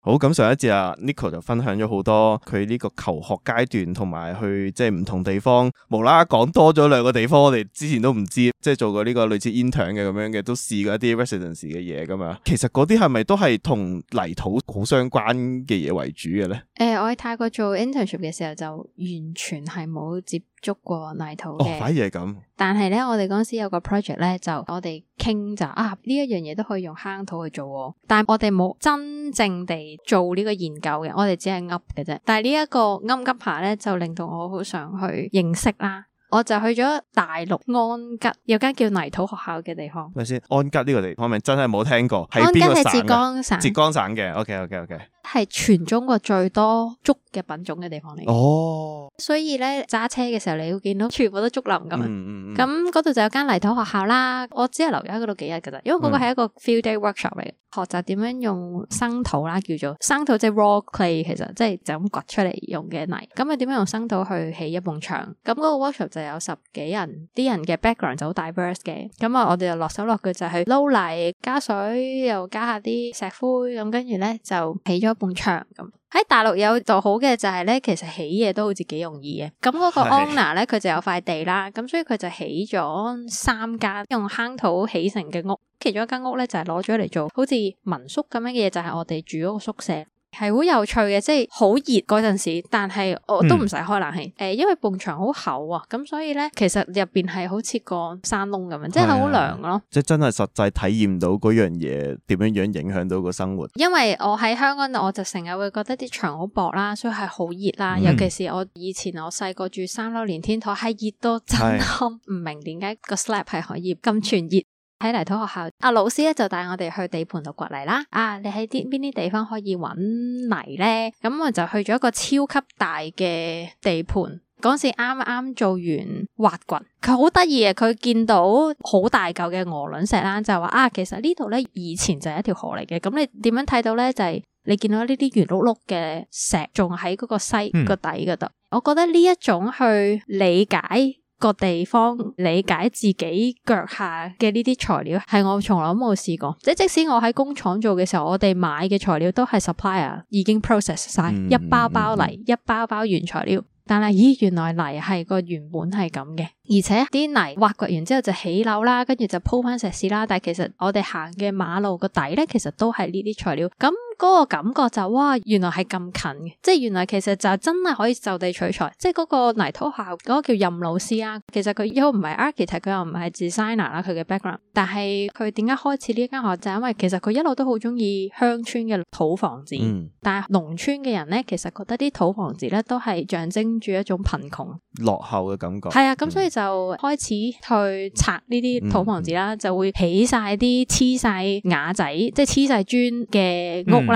好，咁上一節啊，Niko 就分享咗好多佢呢個求學階段同埋去即係唔同地方，無啦啦講多咗兩個地方，我哋之前都唔知，即係做過呢個類似 intern 嘅咁樣嘅，都試過一啲 residence 嘅嘢噶嘛。其實嗰啲係咪都係同泥土好相關嘅嘢為主嘅咧？誒、呃，我喺泰國做 internship 嘅時候就完全係冇接。捉過泥土嘅，反而係咁。但係咧，我哋嗰時有個 project 咧，就我哋傾就啊，呢一樣嘢都可以用夯土去做。但係我哋冇真正地做呢個研究嘅，我哋只係噏嘅啫。但係呢一個安急爬咧，就令到我好想去認識啦。我就去咗大陸安吉，有間叫泥土學校嘅地方。咪先？安吉呢個地方咪真係冇聽過，喺邊個省？安吉係浙江省。浙江省嘅，OK OK OK。係全中國最多竹嘅品種嘅地方嚟，哦，所以咧揸車嘅時候你會見到全部都竹林咁樣，咁嗰度就有間泥土學校啦。我只係留喺嗰度幾日噶咋，因為嗰個係一個 few day workshop 嚟嘅，學習點樣用生土啦，叫做生土即係 raw clay，其實即係就咁掘出嚟用嘅泥。咁啊，點樣用生土去起一埲牆？咁嗰個 workshop 就有十幾人，啲人嘅 background 就好 diverse 嘅。咁、嗯、啊，我哋就落手落腳就去撈泥、加水，又加下啲石灰，咁跟住咧就起咗。半牆咁，喺大陸有做好就好嘅就係咧，其實起嘢都好似幾容易嘅。咁嗰個 owner 咧，佢就有塊地啦，咁所以佢就起咗三間用夯土起成嘅屋。其中一間屋咧就係攞咗嚟做，好似民宿咁樣嘅嘢，就係、是、我哋住嗰個宿舍。係好有趣嘅，即係好熱嗰陣時，但係我都唔使開冷氣，誒、嗯，因為埲牆好厚啊，咁所以咧，其實入邊係好似個山窿咁樣，即係好涼咯。即係真係實際體驗到嗰樣嘢點樣樣影響到個生活。因為我喺香港度，我就成日會覺得啲牆好薄啦，所以係好熱啦。嗯、尤其是我以前我細個住三樓連天台，喺熱都真諗唔是明點解個 slab 係可以咁全熱。喺泥土學校，阿老師咧就帶我哋去地盤度掘泥啦。啊，你喺啲邊啲地方可以搵泥咧？咁我就去咗一個超級大嘅地盤。嗰時啱啱做完挖掘，佢好得意啊！佢見到好大嚿嘅鵝卵石啦，就話、是、啊，其實呢度咧以前就係一條河嚟嘅。咁你點樣睇到咧？就係、是、你見到呢啲圓碌碌嘅石，仲喺嗰個西個底嗰度。嗯、我覺得呢一種去理解。個地方理解自己腳下嘅呢啲材料，係我從來都冇試過。即即使我喺工廠做嘅時候，我哋買嘅材料都係 supplier 已經 process 晒、嗯嗯、一包包泥，一包包原材料。但係咦，原來泥係個原本係咁嘅，而且啲泥挖掘完之後就起樓啦，跟住就鋪翻石屎啦。但係其實我哋行嘅馬路個底咧，其實都係呢啲材料。咁嗰個感覺就哇，原來係咁近嘅，即係原來其實就真係可以就地取材。即係嗰個泥土學校嗰、那個叫任老師啊，其實佢又唔係 Architect，佢又唔係 Designer 啦，佢嘅 background。但係佢點解開始呢間學校？就因為其實佢一路都好中意鄉村嘅土房子。嗯、但係農村嘅人咧，其實覺得啲土房子咧都係象徵住一種貧窮、落後嘅感覺。係啊，咁、嗯、所以就開始去拆呢啲土房子啦，嗯、就會起晒啲黐晒瓦仔，即係黐晒磚嘅屋。嗯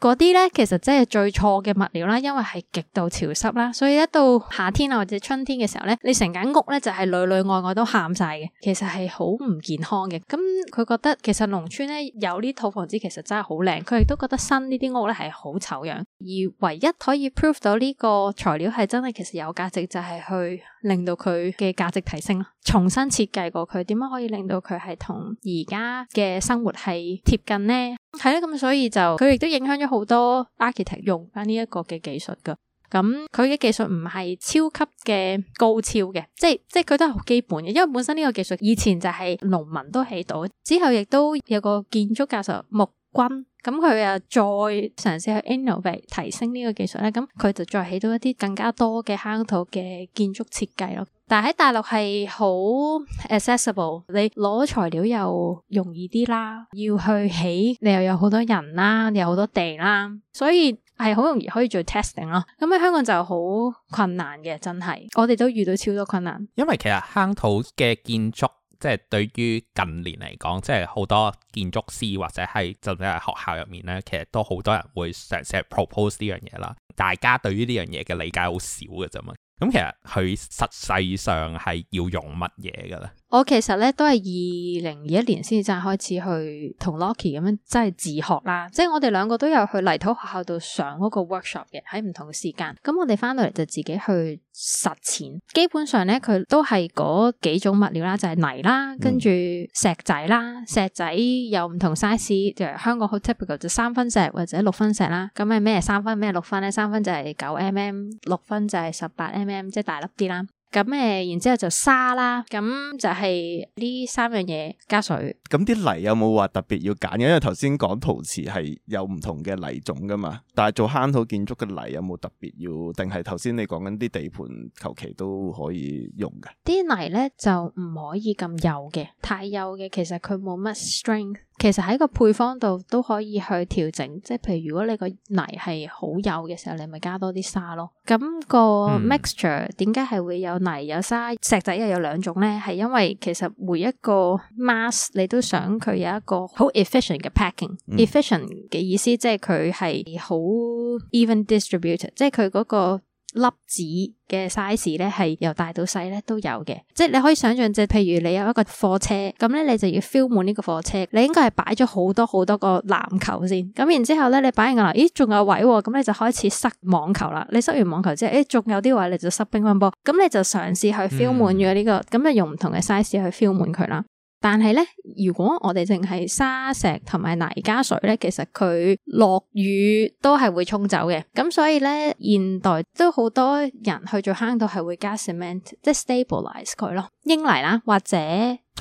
嗰啲咧其實真係最錯嘅物料啦，因為係極度潮濕啦，所以一到夏天啊或者春天嘅時候咧，你成間屋咧就係、是、裏裏外外都喊晒嘅，其實係好唔健康嘅。咁佢覺得其實農村咧有呢套土房子其實真係好靚，佢亦都覺得新呢啲屋咧係好醜樣，而唯一可以 prove 到呢個材料係真係其實有價值就係、是、去。令到佢嘅價值提升，重新設計過佢點樣可以令到佢係同而家嘅生活係貼近呢？係啦，咁所以就佢亦都影響咗好多 architect 用返呢一個嘅技術㗎。咁佢嘅技術唔係超級嘅高超嘅，即係即係佢都係好基本嘅，因為本身呢個技術以前就係農民都起到，之後亦都有個建築教授木。咁佢又再嘗試去 innovate 提升呢個技術咧，咁佢就再起到一啲更加多嘅夯土嘅建築設計咯。但係喺大陸係好 accessible，你攞材料又容易啲啦，要去起你又有好多人啦，你有好多地啦，所以係好容易可以做 testing 咯。咁喺香港就好困難嘅，真係我哋都遇到超多困難。因為其實夯土嘅建築。即係對於近年嚟講，即係好多建築師或者係甚至係學校入面咧，其實都好多人會嘗試 propose 呢樣嘢啦。大家對於呢樣嘢嘅理解好少嘅啫嘛。咁其實佢實際上係要用乜嘢嘅咧？我其實咧都係二零二一年先至係開始去同 Locky 咁樣即係自學啦。即係我哋兩個都有去泥土學校度上嗰個 workshop 嘅，喺唔同嘅時間。咁我哋翻到嚟就自己去。實情基本上咧，佢都係嗰幾種物料啦，就係泥啦，跟住石仔啦，石仔有唔同 size，就香港好 typical 就三分石或者六分石啦。咁係咩三分？咩六分咧？三分就係九 mm，六分就係十八 mm，即係大粒啲啦。咁誒，然之後就沙啦，咁就係呢三樣嘢加水。咁啲泥有冇話特別要揀？因為頭先講陶瓷係有唔同嘅泥種噶嘛，但係做夯土建築嘅泥有冇特別要？定係頭先你講緊啲地盤求其都可以用嘅？啲泥咧就唔可以咁幼嘅，太幼嘅其實佢冇乜 strength 其實喺個配方度都可以去調整，即係譬如如果你個泥係好幼嘅時候，你咪加多啲沙咯。咁個 mixture 點解係、嗯、會有泥有沙石仔又有兩種呢，係因為其實每一個 mask 你都想佢有一個好 efficient 嘅 packing。嗯、efficient 嘅意思即係佢係好 even distributed，即係佢嗰個。粒子嘅 size 咧係由大到細咧都有嘅，即係你可以想象，即係譬如你有一個貨車咁咧，你就要 fill 滿呢個貨車。你應該係擺咗好多好多個籃球先，咁然之後咧你擺完啦，咦仲有位咁、哦、你就開始塞網球啦。你塞完網球之後，誒仲有啲位你就塞乒乓波，咁你就嘗試去 fill 滿咗呢個，咁就、嗯、用唔同嘅 size 去 fill 滿佢啦。但係咧，如果我哋淨係沙石同埋泥加水咧，其實佢落雨都係會沖走嘅。咁所以咧，現代都好多人去做夯土係會加 cement，即係 stabilize 佢咯，英泥啦或者。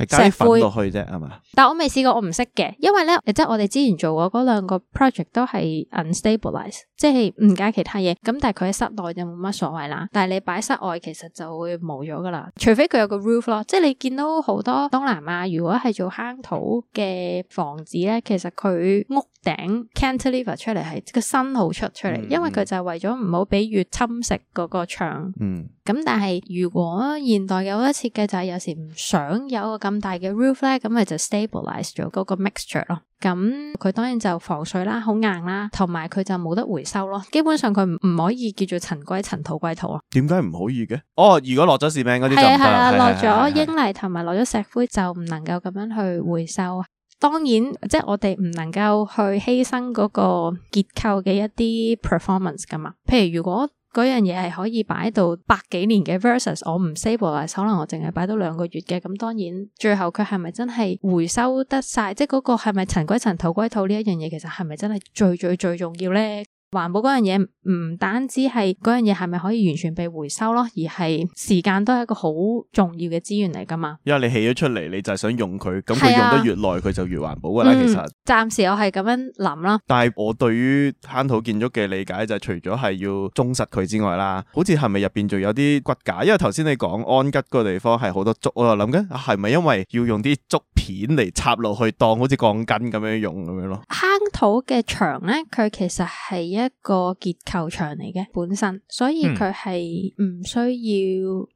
石灰到去啫，係嘛會？吧但係我未試過，我唔識嘅，因為咧，即係我哋之前做過嗰兩個 project 都係 unstabilized，即係唔加其他嘢。咁但係佢喺室內就冇乜所謂啦。但係你擺室外其實就會冇咗噶啦，除非佢有個 roof 咯。即係你見到好多東南亞，如果係做夯土嘅房子咧，其實佢屋頂 cantilever 出嚟係個身好出出嚟，嗯、因為佢就係為咗唔好俾月侵蝕嗰個牆。嗯。咁但係如果現代有好多設計就係有時唔想有個咁大嘅 roof 咧，咁咪就 stabilize 咗嗰個 mixture 咯。咁佢當然就防水啦，好硬啦，同埋佢就冇得回收咯。基本上佢唔可以叫做塵歸塵，土歸土啊。點解唔可以嘅？哦，如果落咗士敏土嗰啲係唔得。落咗 [LAUGHS] 英泥同埋落咗石灰就唔能夠咁樣去回收啊。當然，即係我哋唔能夠去犧牲嗰個結構嘅一啲 performance 噶嘛。譬如如果。嗰樣嘢係可以擺到百幾年嘅 versus 我唔 stable，可能我淨係擺到兩個月嘅，咁當然最後佢係咪真係回收得晒？即係嗰個係咪塵歸塵、土歸土呢一樣嘢，其實係咪真係最最最重要咧？環保嗰樣嘢唔單止係嗰樣嘢係咪可以完全被回收咯，而係時間都係一個好重要嘅資源嚟噶嘛？因為你起咗出嚟，你就係想用佢，咁佢用得越耐，佢是、啊、就越環保噶啦。其實暫、嗯、時我係咁樣諗啦。但係我對於夯土建築嘅理解就係、是、除咗係要夯實佢之外啦，好似係咪入邊仲有啲骨架？因為頭先你講安吉個地方係好多竹，我就諗緊係咪因為要用啲竹片嚟插落去當好似鋼筋咁樣用咁樣咯？夯土嘅牆咧，佢其實係一個結構牆嚟嘅本身，所以佢係唔需要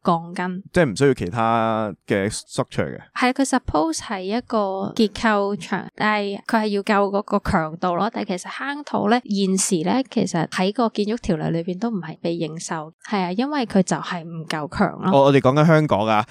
鋼筋，嗯，即係唔需要其他嘅 structure 嘅。係啊，佢 suppose 係一個結構牆，但係佢係要夠嗰個強度咯。但係其實夯土咧，現時咧，其實喺個建築條例裏邊都唔係被認受，係啊，因為佢就係唔夠強咯。我我哋講緊香港啊，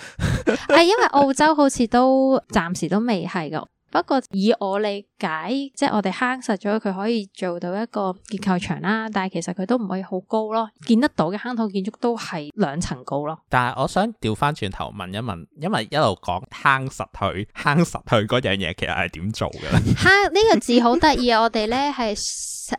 係 [LAUGHS] 因為澳洲好似都暫時都未係嘅。不過以我理解，即係我哋夯實咗，佢可以做到一個結構牆啦，但係其實佢都唔可以好高咯，見得到嘅夯土建築都係兩層高咯。但係我想調返轉頭問一問，因為一路講夯實佢夯實佢嗰樣嘢，其實係點做嘅咧？夯呢個字好得意啊！我哋咧係誒誒二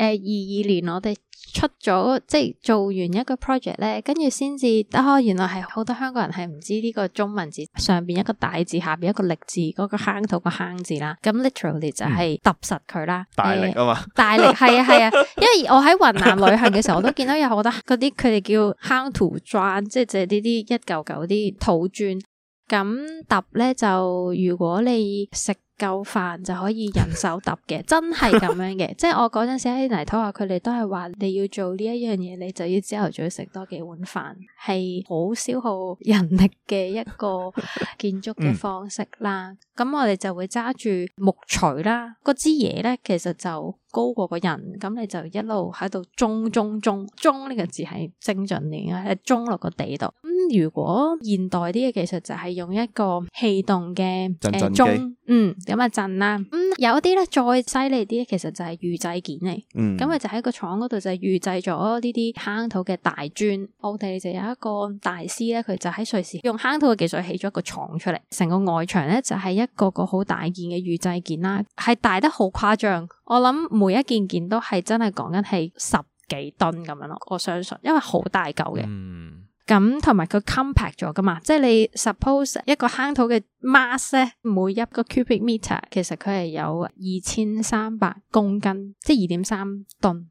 二年我哋。出咗即係做完一個 project 咧，跟住先至，哦，原來係好多香港人係唔知呢個中文字上邊一個大字，下邊一個力字，嗰、嗰個夯土、嗰個夯字」字啦。咁 literally 就係揼實佢啦，呃、大力啊嘛， [LAUGHS] 大力係啊係啊，啊 [LAUGHS] 因為我喺雲南旅行嘅時候，我都見到有好多嗰啲佢哋叫夯土磚，即係就呢啲一嚿嚿啲土磚。咁揼咧就如果你食夠飯就可以人手揼嘅，真係咁樣嘅。 [LAUGHS] 即係我嗰陣時喺泥土啊，佢哋都係話你要做呢一樣嘢，你就要朝頭早食多幾碗飯，係好消耗人力嘅一個建築嘅方式啦。咁 [LAUGHS] 我哋就會揸住木錘啦，嗰支嘢咧其實就高過個人，咁你就一路喺度舂舂舂舂，呢、這個字係精準啲啊，係舂落個地度。如果現代啲嘅技術就係用一個氣動嘅震震機，呃、嗯，咁啊震啦，咁、嗯、有啲咧再犀利啲，其實就係預製件嚟，咁佢、嗯、就喺個廠嗰度就係預製咗呢啲夯土嘅大磚。我哋就有一個大師咧，佢就喺瑞士用夯土嘅技術起咗一個廠出嚟，成個外牆咧就係、是、一個個好大件嘅預製件啦，係大得好誇張。我諗每一件件都係真係講緊係十幾噸咁樣咯，我相信，因為好大嚿嘅。嗯咁同埋佢 compact 咗噶嘛，即係你 suppose 一個夯土嘅 mass 咧，每一個 cubic meter，其實佢係有二千三百公斤，即係二點三噸。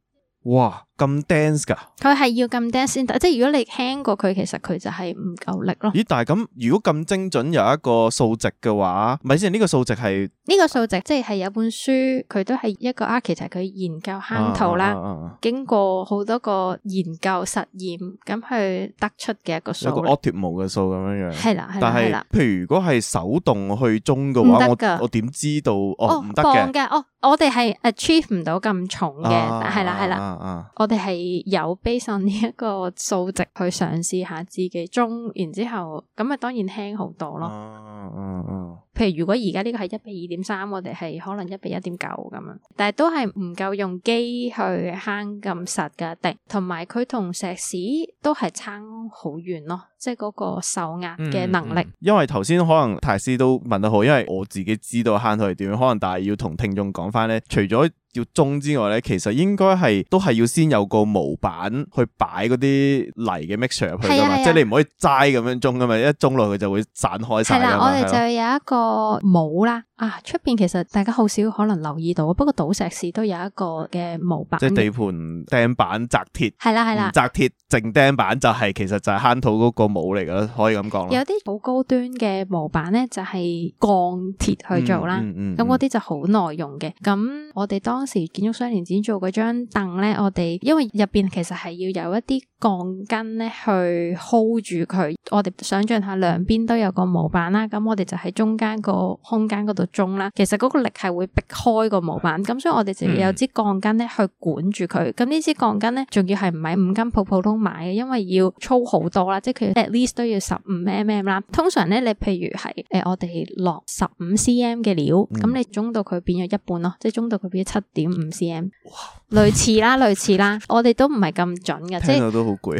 哇！咁 dance 噶？佢係要咁 dance 先得，即係如果你輕過佢，其實佢就係唔夠力咯。咦？但係咁，如果咁精準有一個數值嘅話，咪先呢個數值係？呢個數值即係係有本書，佢都係一個 architect，就係佢研究夯土啦，經過好多個研究實驗，咁去得出嘅一個數，一個 optimal 嘅數咁樣樣。係啦，但係譬如如果係手動去中嘅話，我點知道？哦，唔得嘅。哦，我哋係 achieve 唔到咁重嘅，係啦，係啦，我哋係有 base 呢一個數值去嘗試下自己中，然之後咁啊，當然慳好多咯。嗯嗯嗯。啊啊、譬如如果而家呢個係一比二點三，3, 我哋係可能一比一點九咁樣，但係都係唔夠用機去夯咁實噶定，同埋佢同石屎都係差好遠咯，即係嗰個受壓嘅能力。嗯嗯、因為頭先可能泰斯都問得好，因為我自己知道夯台係點樣，可能但係要同聽眾講翻咧，除咗。要種之外咧，其實應該係都係要先有個模板去擺嗰啲泥嘅 mixture 入去㗎嘛，的即係你唔可以齋咁樣種㗎嘛，一種落去就會散開晒。係啦，我哋就有一個模啦。啊！出邊其實大家好少可能留意到，不過倒石屎都有一個嘅模板，即係地盤釘板紮鐵，係啦係啦，紮鐵淨釘板就係其實就係夯土嗰個模嚟嘅。可以咁講。有啲好高端嘅模板咧，就係鋼鐵去做啦，咁嗰啲就好耐用嘅。咁我哋當時建築雙年展做嗰張凳咧，我哋因為入邊其實係要有一啲鋼筋咧去 hold 住佢，我哋想象下兩邊都有個模板啦，咁我哋就喺中間個空間嗰度。中啦，其實嗰個力係會逼開個模板，咁所以我哋就要有支鋼筋咧去管住佢。咁呢支鋼筋咧，仲要係唔係五金鋪普通買嘅，因為要粗好多啦，即係佢 at least 都要十五 mm 啦。通常咧，你譬如係誒，我哋落十五 cm 嘅料，咁、嗯、你中到佢變咗一半咯，即係中到佢變咗七點五 cm。哇類似啦，類似啦，我哋都唔係咁準嘅，即係都好攰。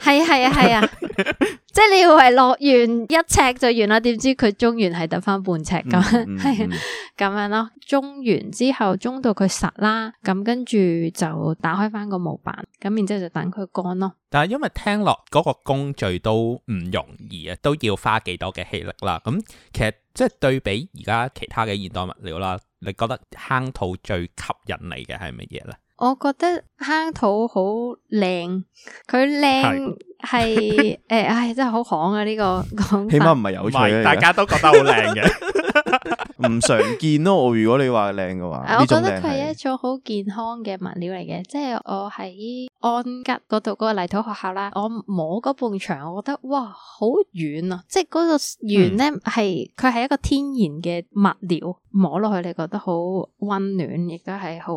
係啊，係啊，係啊。 [LAUGHS] 即係你以為落完一尺就完啦，點知佢中完係得翻半尺咁，係咁、嗯嗯嗯、 [LAUGHS] 樣咯。中完之後，中到佢實啦，咁跟住就打開翻個模板，咁然之後就等佢乾咯。但係因為聽落嗰、那個工序都唔容易啊，都要花幾多嘅氣力啦。咁其實即係對比而家其他嘅現代物料啦，你覺得夯土最吸引你嘅係乜嘢咧？我覺得夯土好靚，佢靚係誒，係、 [LAUGHS] 欸哎、真係好行啊！呢、這個講法起碼唔係有趣、啊，大家都覺得好靚嘅，唔 [LAUGHS] [LAUGHS] 常見咯。我如果你話靚嘅話，我覺得佢係一種好健康嘅物料嚟嘅， [LAUGHS] 即係我喺安吉嗰度嗰個泥土學校啦，我摸嗰埲牆，我覺得哇，好軟啊！即係嗰個圓咧，係佢係一個天然嘅物料，摸落去你覺得好溫暖，亦都係好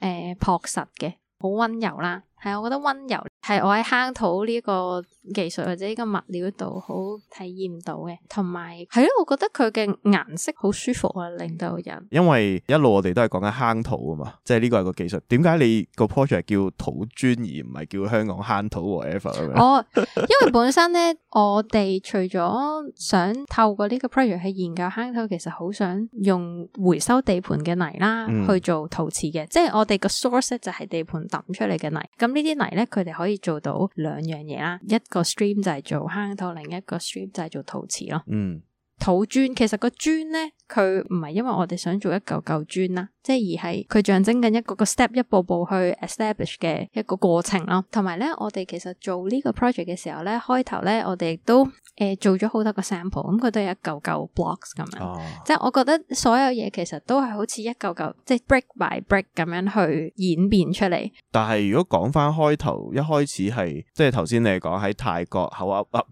誒樸實嘅，好溫柔啦。係，我覺得溫柔係我喺夯土呢個技術或者呢個物料度好體驗到嘅，同埋係咯，我覺得佢嘅顏色好舒服啊，令到人。因為一路我哋都係講緊夯土啊嘛，即係呢個係個技術。點解你個 project 叫土磚而唔係叫香港夯土 whatever 咁？我因為本身咧， [LAUGHS] 我哋除咗想透過呢個 project 去研究夯土，其實好想用回收地盤嘅泥啦去做陶瓷嘅，嗯、即係我哋個 source 就係地盤抌出嚟嘅泥咁。呢啲泥咧，佢哋可以做到兩樣嘢啦。一個 stream 就係做夯土，另一個 stream 就係做陶瓷咯。嗯，土磚其實個磚咧，佢唔係因為我哋想做一嚿嚿磚啦。即係而係佢象徵緊一個個 step，一步步去 establish 嘅一個過程咯。同埋咧，我哋其實做呢個 project 嘅時候咧，開頭咧我哋都誒做咗好多個 sample，咁佢都係一舊舊 blocks 咁樣、哦。即係我覺得所有嘢其實都係好似一舊舊即係 brick by brick 咁樣去演變出嚟。但係如果講翻開頭一開始係，即係頭先你講喺泰國口噏噏，誒、oh,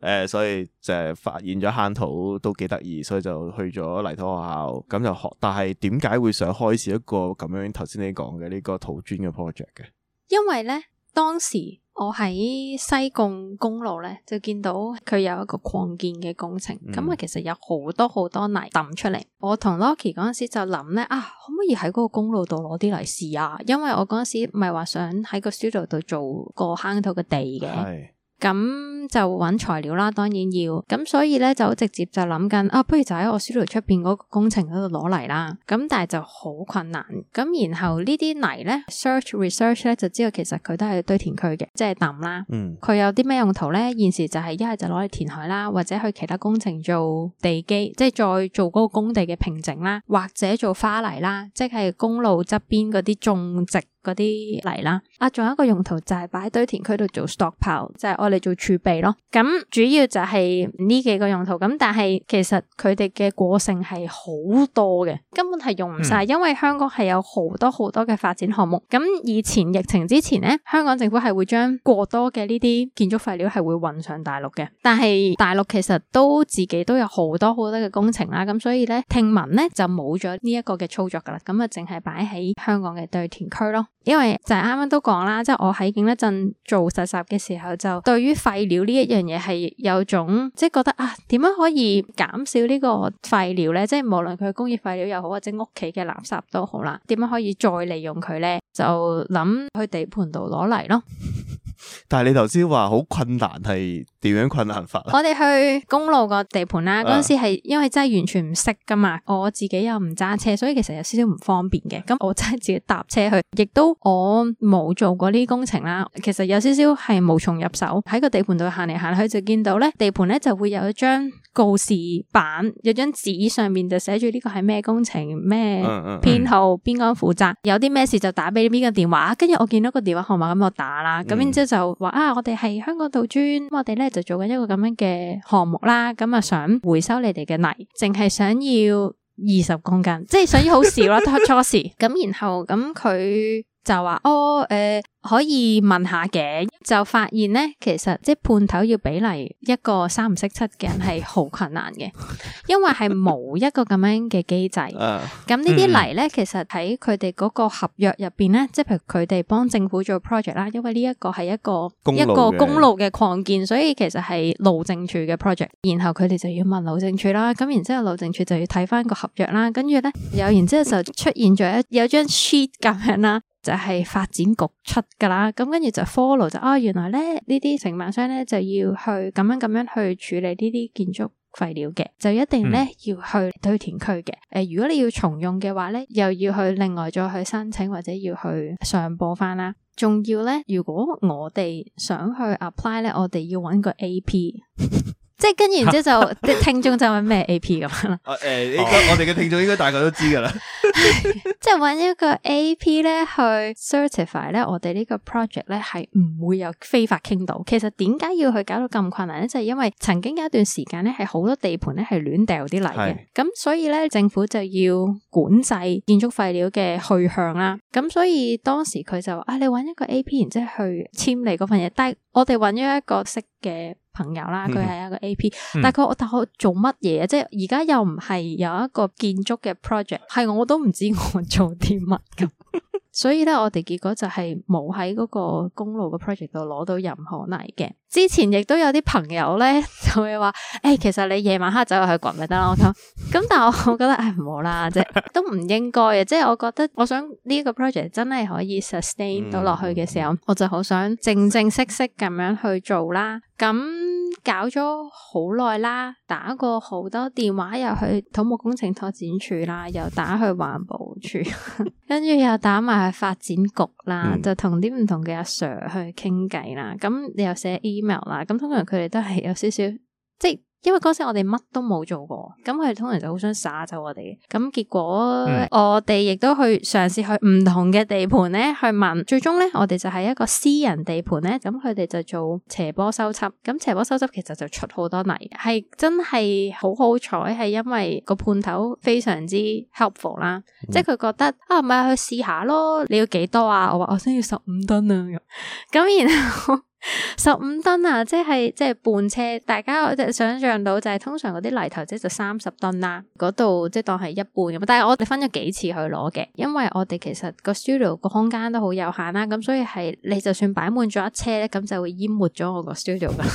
[LAUGHS] uh, 所以就係發現咗夯土都幾得意，所以就去咗泥土學校，咁就學。但係點解會？想開始一個咁樣，頭先你講嘅呢個土磚嘅 project 嘅，因為咧當時我喺西貢公路咧就見到佢有一個擴建嘅工程，咁啊其實有好多好多泥抌出嚟。我同 Loki 嗰陣時就諗咧啊，可唔可以喺嗰個公路度攞啲嚟試啊？因為我嗰陣時唔係話想喺個 studio 度做個坑土嘅地嘅。係。咁就揾材料啦，當然要。咁所以咧就直接就諗緊，啊不如就喺我蘇黎出邊嗰個工程嗰度攞泥啦。咁但係就好困難。咁然後呢啲泥咧，search research 咧就知道其實佢都係堆填區嘅，即係抌啦。嗯，佢有啲咩用途咧？現時就係一係就攞嚟填海啦，或者去其他工程做地基，即係再做嗰個工地嘅平整啦，或者做花泥啦，即係公路側邊嗰啲種植。嗰啲嚟啦，啊，仲有一個用途就係擺喺堆填區度做 stockpile，就係我哋做儲備咯。咁主要就係呢幾個用途。咁但係其實佢哋嘅過剩係好多嘅，根本係用唔晒，嗯、因為香港係有好多好多嘅發展項目。咁以前疫情之前咧，香港政府係會將過多嘅呢啲建築廢料係會運上大陸嘅。但係大陸其實都自己都有好多好多嘅工程啦，咁所以咧聽聞咧就冇咗呢一個嘅操作噶啦。咁啊，淨係擺喺香港嘅堆填區咯。因為就係啱啱都講啦，即係我喺景德鎮做實習嘅時候，就對於廢料呢一樣嘢係有種即係覺得啊，點樣可以減少呢個廢料呢？即係無論佢工業廢料又好，或者屋企嘅垃圾都好啦，點樣可以再利用佢呢？就諗去地盤度攞嚟咯。 [LAUGHS] 但係你頭先話好困難，係點樣困難法？我哋去公路個地盤啦，嗰、啊、時係因為真係完全唔識噶嘛，我自己又唔揸車，所以其實有少少唔方便嘅。咁我真係自己搭車去，亦都我冇做過呢工程啦。其實有少少係無從入手，喺個地盤度行嚟行去就見到咧地盤咧就會有一張告示板，有張紙上面就寫住呢個係咩工程，咩編號，邊、啊啊嗯、個負責，有啲咩事就打俾呢邊個電話。跟住我見到個電話號碼，咁我打啦。咁然之後就。就話啊，我哋係香港土磚，我哋咧就做緊一個咁樣嘅項目啦，咁啊想回收你哋嘅泥，淨係想要二十公斤，即係想要好少啦， [LAUGHS] 初時咁 [LAUGHS] 然後咁佢。就話哦，誒、呃，可以問下嘅，就發現咧，其實即係判頭要俾嚟一個三唔識七嘅人係好困難嘅， [LAUGHS] 因為係冇一個咁樣嘅機制。咁 [LAUGHS] 呢啲泥咧，其實喺佢哋嗰個合約入邊咧，即係譬如佢哋幫政府做 project 啦，因為呢一個係一個一個公路嘅擴建，所以其實係路政署嘅 project。然後佢哋就要問路政署啦，咁然之後路政署就要睇翻個合約啦，跟住咧有，然之後就出現咗一有張 sheet 咁樣啦。就係發展局出噶啦，咁跟住就 follow 就，哦，原來咧呢啲承辦商咧就要去咁樣咁樣去處理呢啲建築廢料嘅，就一定咧要去堆填區嘅。誒、呃，如果你要重用嘅話咧，又要去另外再去申請或者要去上報翻啦。仲要咧，如果我哋想去 apply 咧，我哋要揾個 AP。 [LAUGHS] 即係跟完之後，啲 [LAUGHS] 聽眾就問咩 A P 咁啦。誒、呃，應、呃、該我哋嘅聽眾應該大概都知噶啦。即係揾一個 A P 咧去 certify 咧，我哋呢個 project 咧係唔會有非法傾倒。其實點解要去搞到咁困難咧？就係、是、因為曾經有一段時間咧，係好多地盤咧係亂掉啲泥嘅。咁是所以咧，政府就要管制建築廢料嘅去向啦。咁所以當時佢就話啊，你揾一個 A P，然之後去簽你嗰份嘢，但.我哋揾咗一個識嘅朋友啦，佢係一個 AP，、嗯、但係佢我但係做乜嘢啊？即係而家又唔係有一個建築嘅 project，係我都唔知我做啲乜咁。所以咧，我哋結果就係冇喺嗰個公路嘅 project 度攞到任何泥嘅。之前亦都有啲朋友咧，就會話，誒，其實你夜晚黑走落去掘咪得咯。咁，咁但係我我覺得，哎，唔好啦，即係都唔應該嘅。即係我覺得，我想呢個 project 真係可以 sustain 到落去嘅時候，我就好想正正式式咁樣去做啦。咁。搞咗好耐啦，打過好多電話，又去土木工程拓展處啦，又打去環保處，跟 [LAUGHS] 住又打埋去發展局啦，嗯、就同啲唔同嘅阿 Sir 去傾偈啦。咁你又寫 email 啦，咁通常佢哋都係有少少即因為嗰時我哋乜都冇做過，咁佢哋通常就好想耍走我哋，咁結果、嗯、我哋亦都去嘗試去唔同嘅地盤咧，去問，最終咧我哋就係一個私人地盤咧，咁佢哋就做斜坡修葺，咁斜坡修葺其實就出好多泥，係真係好好彩，係因為個判頭非常之 helpful 啦，嗯、即係佢覺得啊，咪、就是、去試下咯，你要幾多啊？我話我想要十五噸啊，咁 [LAUGHS] 那然後。 [LAUGHS] 十五噸啊，即係即係半車，大家想象到就係、是、通常嗰啲泥頭就、啊、即就三十噸啦，嗰度即係當係一半。但係我哋分咗幾次去攞嘅，因為我哋其實個 studio 個空間都好有限啦、啊，咁所以係你就算擺滿咗一車咧，咁就會淹沒咗我個 studio 噶、啊，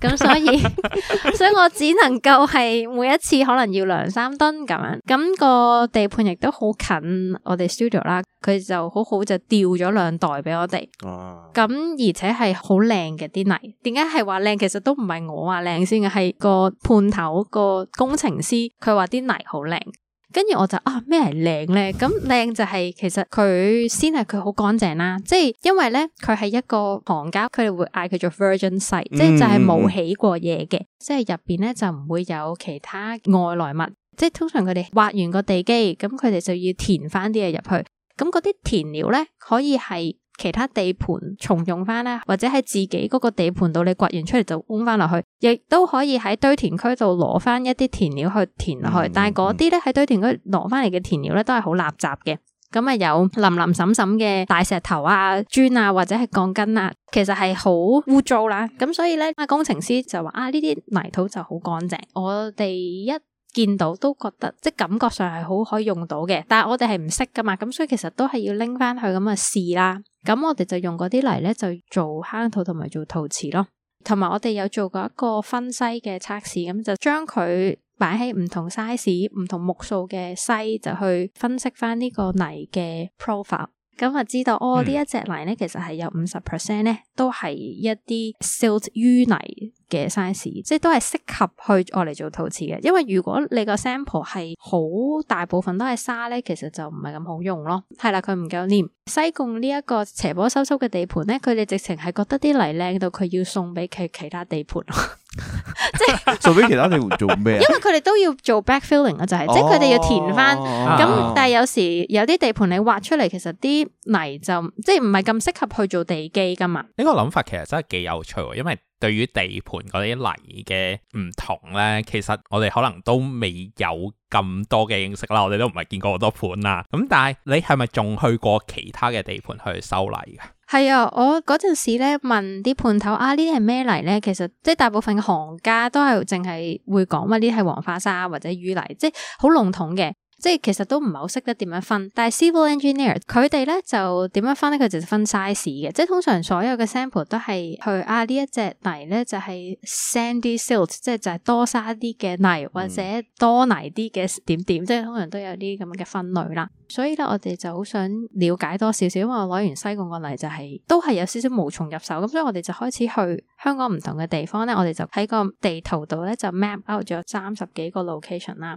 咁 [LAUGHS] 所以 [LAUGHS] [LAUGHS] 所以我只能夠係每一次可能要兩三噸咁樣，咁、那個地盤亦都好近我哋 studio 啦、啊。佢就好好就掉咗兩袋俾我哋，咁哇而且係好靚嘅啲泥。點解係話靚？其實都唔係我話靚先嘅，係個判頭個工程師佢話啲泥好靚。跟住我就啊，咩係靚咧？咁靚就係、是、其實佢先係佢好乾淨啦。即係因為咧，佢係一個行家，佢哋會嗌佢做 virgin site，嗯、即係就係冇起過嘢嘅，即係入邊咧就唔會有其他外來物。即係通常佢哋挖完個地基，咁佢哋就要填翻啲嘢入去。咁嗰啲填料咧，可以係其他地盤重用翻啦，或者喺自己嗰個地盤度你掘完出嚟就搬翻落去，亦都可以喺堆填區度攞翻一啲填料去填落去。嗯、但係嗰啲咧喺堆填區攞翻嚟嘅填料咧，都係好垃圾嘅。咁、嗯、啊、嗯、有淋淋沈沈嘅大石頭啊、磚啊或者係鋼筋啊，其實係好污糟啦。咁所以咧，啊工程師就話啊呢啲泥土就好乾淨。我哋一。見到都覺得即感覺上係好可以用到嘅，但係我哋係唔識噶嘛，咁所以其實都係要拎翻去咁啊試啦。咁我哋就用嗰啲泥咧，就做夯土同埋做陶瓷咯。同埋我哋有做過一個分篩嘅測試，咁就將佢擺喺唔同 size、唔同目數嘅篩，就去分析翻呢個泥嘅 profile。咁啊，就知道哦，嗯、一呢一隻泥咧，其實係有五十 percent 咧，都係一啲 silt 淤泥嘅 size，即係都係適合去嚟做陶瓷嘅。因為如果你個 sample 係好大部分都係沙咧，其實就唔係咁好用咯。係啦，佢唔夠黏。西貢呢一個斜坡收縮嘅地盤咧，佢哋直情係覺得啲泥靚到佢要送俾佢其他地盤。 [LAUGHS] 即係做俾其他地盤做咩啊？ [LAUGHS] 就係、 [LAUGHS] 因為佢哋都要做 backfilling 啊，就係即係佢哋要填翻。咁、oh, oh, oh, oh, oh. 但係有時有啲地盤你挖出嚟，其實啲泥就即係唔係咁適合去做地基噶嘛。呢個諗法其實真係幾有趣，因為對於地盤嗰啲泥嘅唔同咧，其實我哋可能都未有咁多嘅認識啦。我哋都唔係見過好多盤啦。咁但係你係咪仲去過其他嘅地盤去收泥啊？係啊，我嗰陣時咧問啲判頭啊，呢啲係咩泥咧？其實即係大部分行家都係淨係會講話，呢啲係黃花沙或者淤泥，即係好籠統嘅。即係其實都唔係好識得點樣分，但係 civil engineer 佢哋咧就點樣分咧？佢就分 size 嘅，即係通常所有嘅 sample 都係去啊呢一隻泥咧就係、是、sandy silt，即係就係多沙啲嘅泥或者多泥啲嘅點，點點，嗯、即係通常都有啲咁嘅分類啦。所以咧我哋就好想了解多少少，因為我攞完西貢個泥就係、是、都係有少少無從入手，咁所以我哋就開始去香港唔同嘅地方咧，我哋就喺個地圖度咧就 map out 咗三十幾個 location 啦。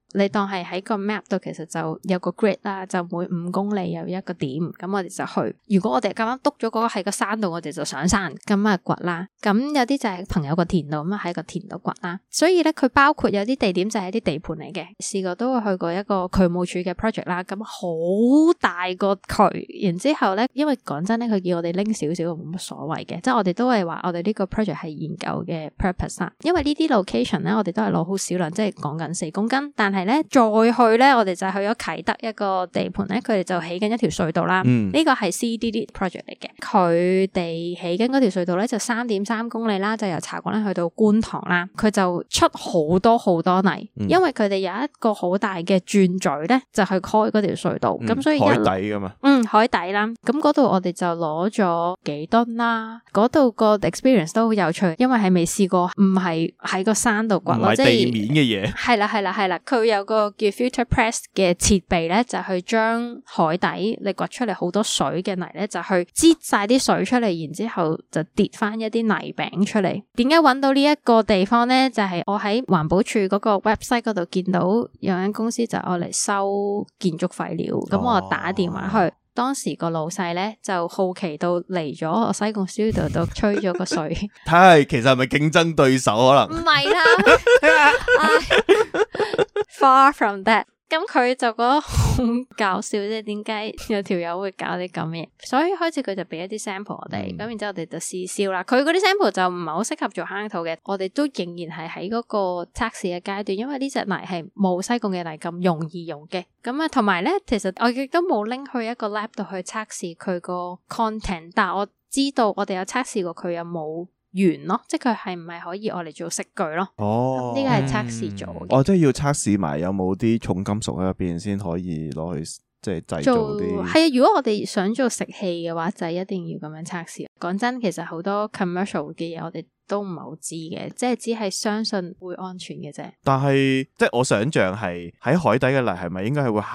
你當係喺個 map 度，其實就有個 grid 啦，就每五公里有一個點，咁我哋就去。如果我哋咁啱篤咗嗰個喺個山度，我哋就上山咁啊掘啦。咁有啲就係朋友個田度，咁啊喺個田度掘啦。所以咧，佢包括有啲地點就係啲地盤嚟嘅。試過都會去過一個渠務署嘅 project 啦，咁好大個渠。然之後咧，因為講真咧，佢叫我哋拎少少冇乜所謂嘅，即係我哋都係話我哋呢個 project 係研究嘅 purpose 啦。因為呢啲 location 咧，我哋都係攞好少量，即係講緊四公斤，但係。再去咧，我哋就去咗啟德一個地盤咧，佢哋就起緊一條隧道啦。呢、嗯、個係 CDD project 嚟嘅，佢哋起緊嗰條隧道咧就三點三公里啦，就由茶果咧去到觀塘啦。佢就出好多好多泥，嗯、因為佢哋有一個好大嘅鑽嘴咧，就去開嗰條隧道。咁、嗯、所以海底㗎嘛，嗯海底啦。咁嗰度我哋就攞咗幾噸啦。嗰度個 experience 都好有趣，因為係未試過，唔係喺個山度掘，唔係地面嘅嘢。係啦係啦係啦，佢。有個叫 filter press 嘅設備咧，就係、去將海底你掘出嚟好多水嘅泥咧，就係、去擠晒啲水出嚟，然之後就跌翻一啲泥餅出嚟。點解揾到呢一個地方咧？就係、係、我喺環保署嗰個 website 嗰度見到有間公司就我嚟收建築廢料，咁、哦、我打電話去。當時個老細咧就好奇到嚟咗我西貢 studio 度吹咗個水，睇下 [LAUGHS] [LAUGHS] 其實係咪競爭對手可能？唔係啦，far from that。咁佢就覺得好搞笑啫，點解有條友會搞啲咁嘅？所以開始佢就俾一啲 sample 我哋，咁、嗯、然之後我哋就試燒啦。佢嗰啲 sample 就唔係好適合做夯土嘅，我哋都仍然係喺嗰個測試嘅階段，因為呢隻泥係冇西貢嘅泥咁容易用嘅。咁啊，同埋咧，其實我亦都冇拎去一個 lab 度去測試佢個 content，但我知道我哋有測試過佢有冇。圓咯，即係佢係唔係可以我嚟做食具咯？哦，呢個係測試做，哦，即係要測試埋有冇啲重金屬喺入邊先可以攞去即係製造啲。係啊，如果我哋想做食器嘅話，就係一定要咁樣測試。講真，其實好多 commercial 嘅嘢，我哋。都唔係好知嘅，即係只係相信會安全嘅啫。但係即係我想象係喺海底嘅泥係咪應該係會咸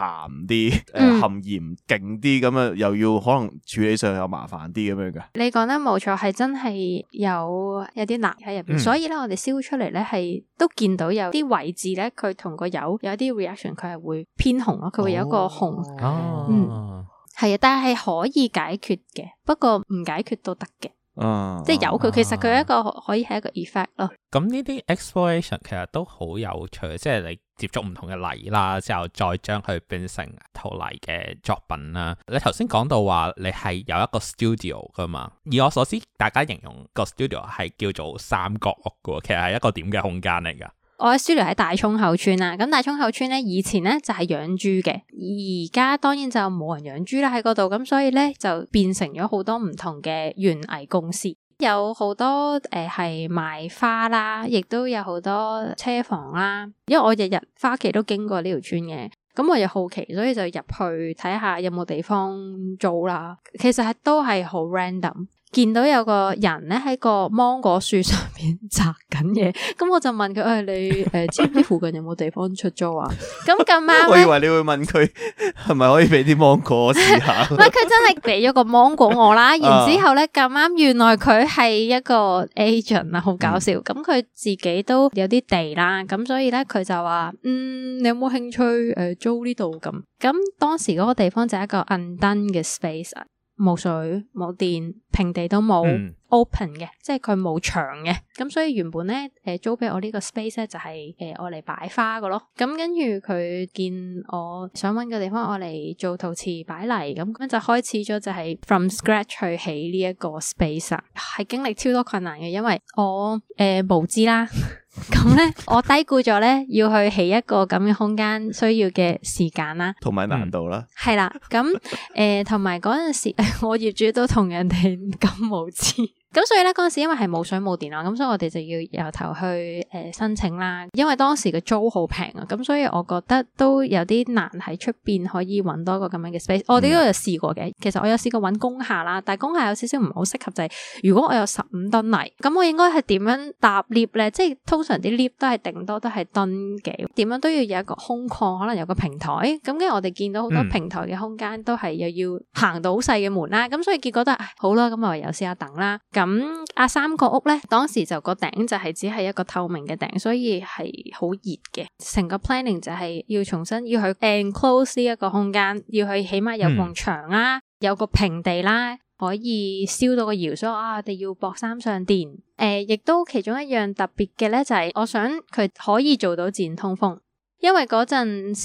啲、含鹽、嗯、呃、勁啲咁樣啊？又要可能處理上有麻煩啲咁樣嘅。你講得冇錯，係真係有有啲泥喺入邊，嗯、所以咧我哋燒出嚟咧係都見到有啲位置咧，佢同個油有啲 reaction，佢係會偏紅咯，佢會有一個紅。哦，嗯，係啊，但係可以解決嘅，不過唔解決都得嘅。嗯，uh, uh, uh, 即係有佢，其實佢係一個可以係一個 effect 咯。咁呢啲 exploration 其實都好有趣，即係你接觸唔同嘅泥啦，之後再將佢變成陶泥嘅作品啦。你頭先講到話你係有一個 studio 噶嘛？以我所知，大家形容個 studio 係叫做三角屋噶，其實係一個點嘅空間嚟噶？我嘅 studio 喺大涌口村啦，咁大涌口村咧，以前咧，就係養豬嘅，而家當然就冇人養豬啦喺嗰度。咁所以咧，就變成咗好多唔同嘅園藝公司，有好多誒係、呃、賣花啦，亦都有好多車房啦。因為我日日花期都經過呢條村嘅，咁我又好奇，所以就入去睇下有冇地方租啦。其實係都係好 random。見到有個人咧喺個芒果樹上面摘緊嘢，咁我就問佢：，誒、哎，你誒知唔知附近有冇地方出租啊？咁咁啱，剛剛 [LAUGHS] 我以為你會問佢係咪可以俾啲芒果我試下。唔 [LAUGHS] 佢、嗯、真係俾咗個芒果我啦。 [LAUGHS] 然之後咧，咁啱，原來佢係一個 agent 啊，好搞笑。咁佢、嗯嗯、自己都有啲地啦，咁所以咧，佢就話：，嗯，你有冇興趣誒租呢度？咁咁當時嗰個地方就係一個 undone 嘅 space，啊。冇水冇電，平地都冇、嗯、open 嘅，即係佢冇牆嘅。咁所以原本咧，誒、呃、租俾我呢個 space 咧、就係，就係誒我嚟擺花嘅咯。咁跟住佢見我想搵個地方，我嚟做陶瓷擺泥咁，咁就開始咗就係 from scratch 去起呢一個 space 啊。係經歷超多困難嘅，因為我誒、呃、無知啦。咁 [LAUGHS] 咧， [LAUGHS] 我低估咗咧要去起一個咁嘅空間需要嘅時間啦，同埋難度啦。係、嗯、啦，咁誒同埋嗰陣時、哎，我業主都同人哋咁無知。 [LAUGHS] 咁所以咧嗰陣時，因為係冇水冇電啦，咁所以我哋就要由頭去誒、呃、申請啦。因為當時嘅租好平啊，咁所以我覺得都有啲難喺出邊可以揾多一個咁樣嘅 space。嗯哦、我哋都有試過嘅，其實我有試過揾工廈啦，但係工廈有少少唔好適合就係、是、如果我有十五噸泥，咁我應該係點樣搭 lift 咧？即係通常啲 lift 都係頂多都係噸幾，點樣都要有一個空曠，可能有個平台。咁跟住我哋見到好多平台嘅空間都係又要行到好細嘅門啦，咁、嗯、所以結果都係、哎、好啦，咁我唯有試下等啦。咁阿、嗯、三角屋呢，當時就個頂就係只係一個透明嘅頂，所以係好熱嘅。成個 planning 就係要重新要去 enclose 一個空間，要去起碼有埲牆啦、啊，嗯、有個平地啦、啊，可以燒到個窑。所以啊，我哋要博三上電。誒、呃，亦都其中一樣特別嘅呢，就係、是、我想佢可以做到自然通風。因為嗰陣時，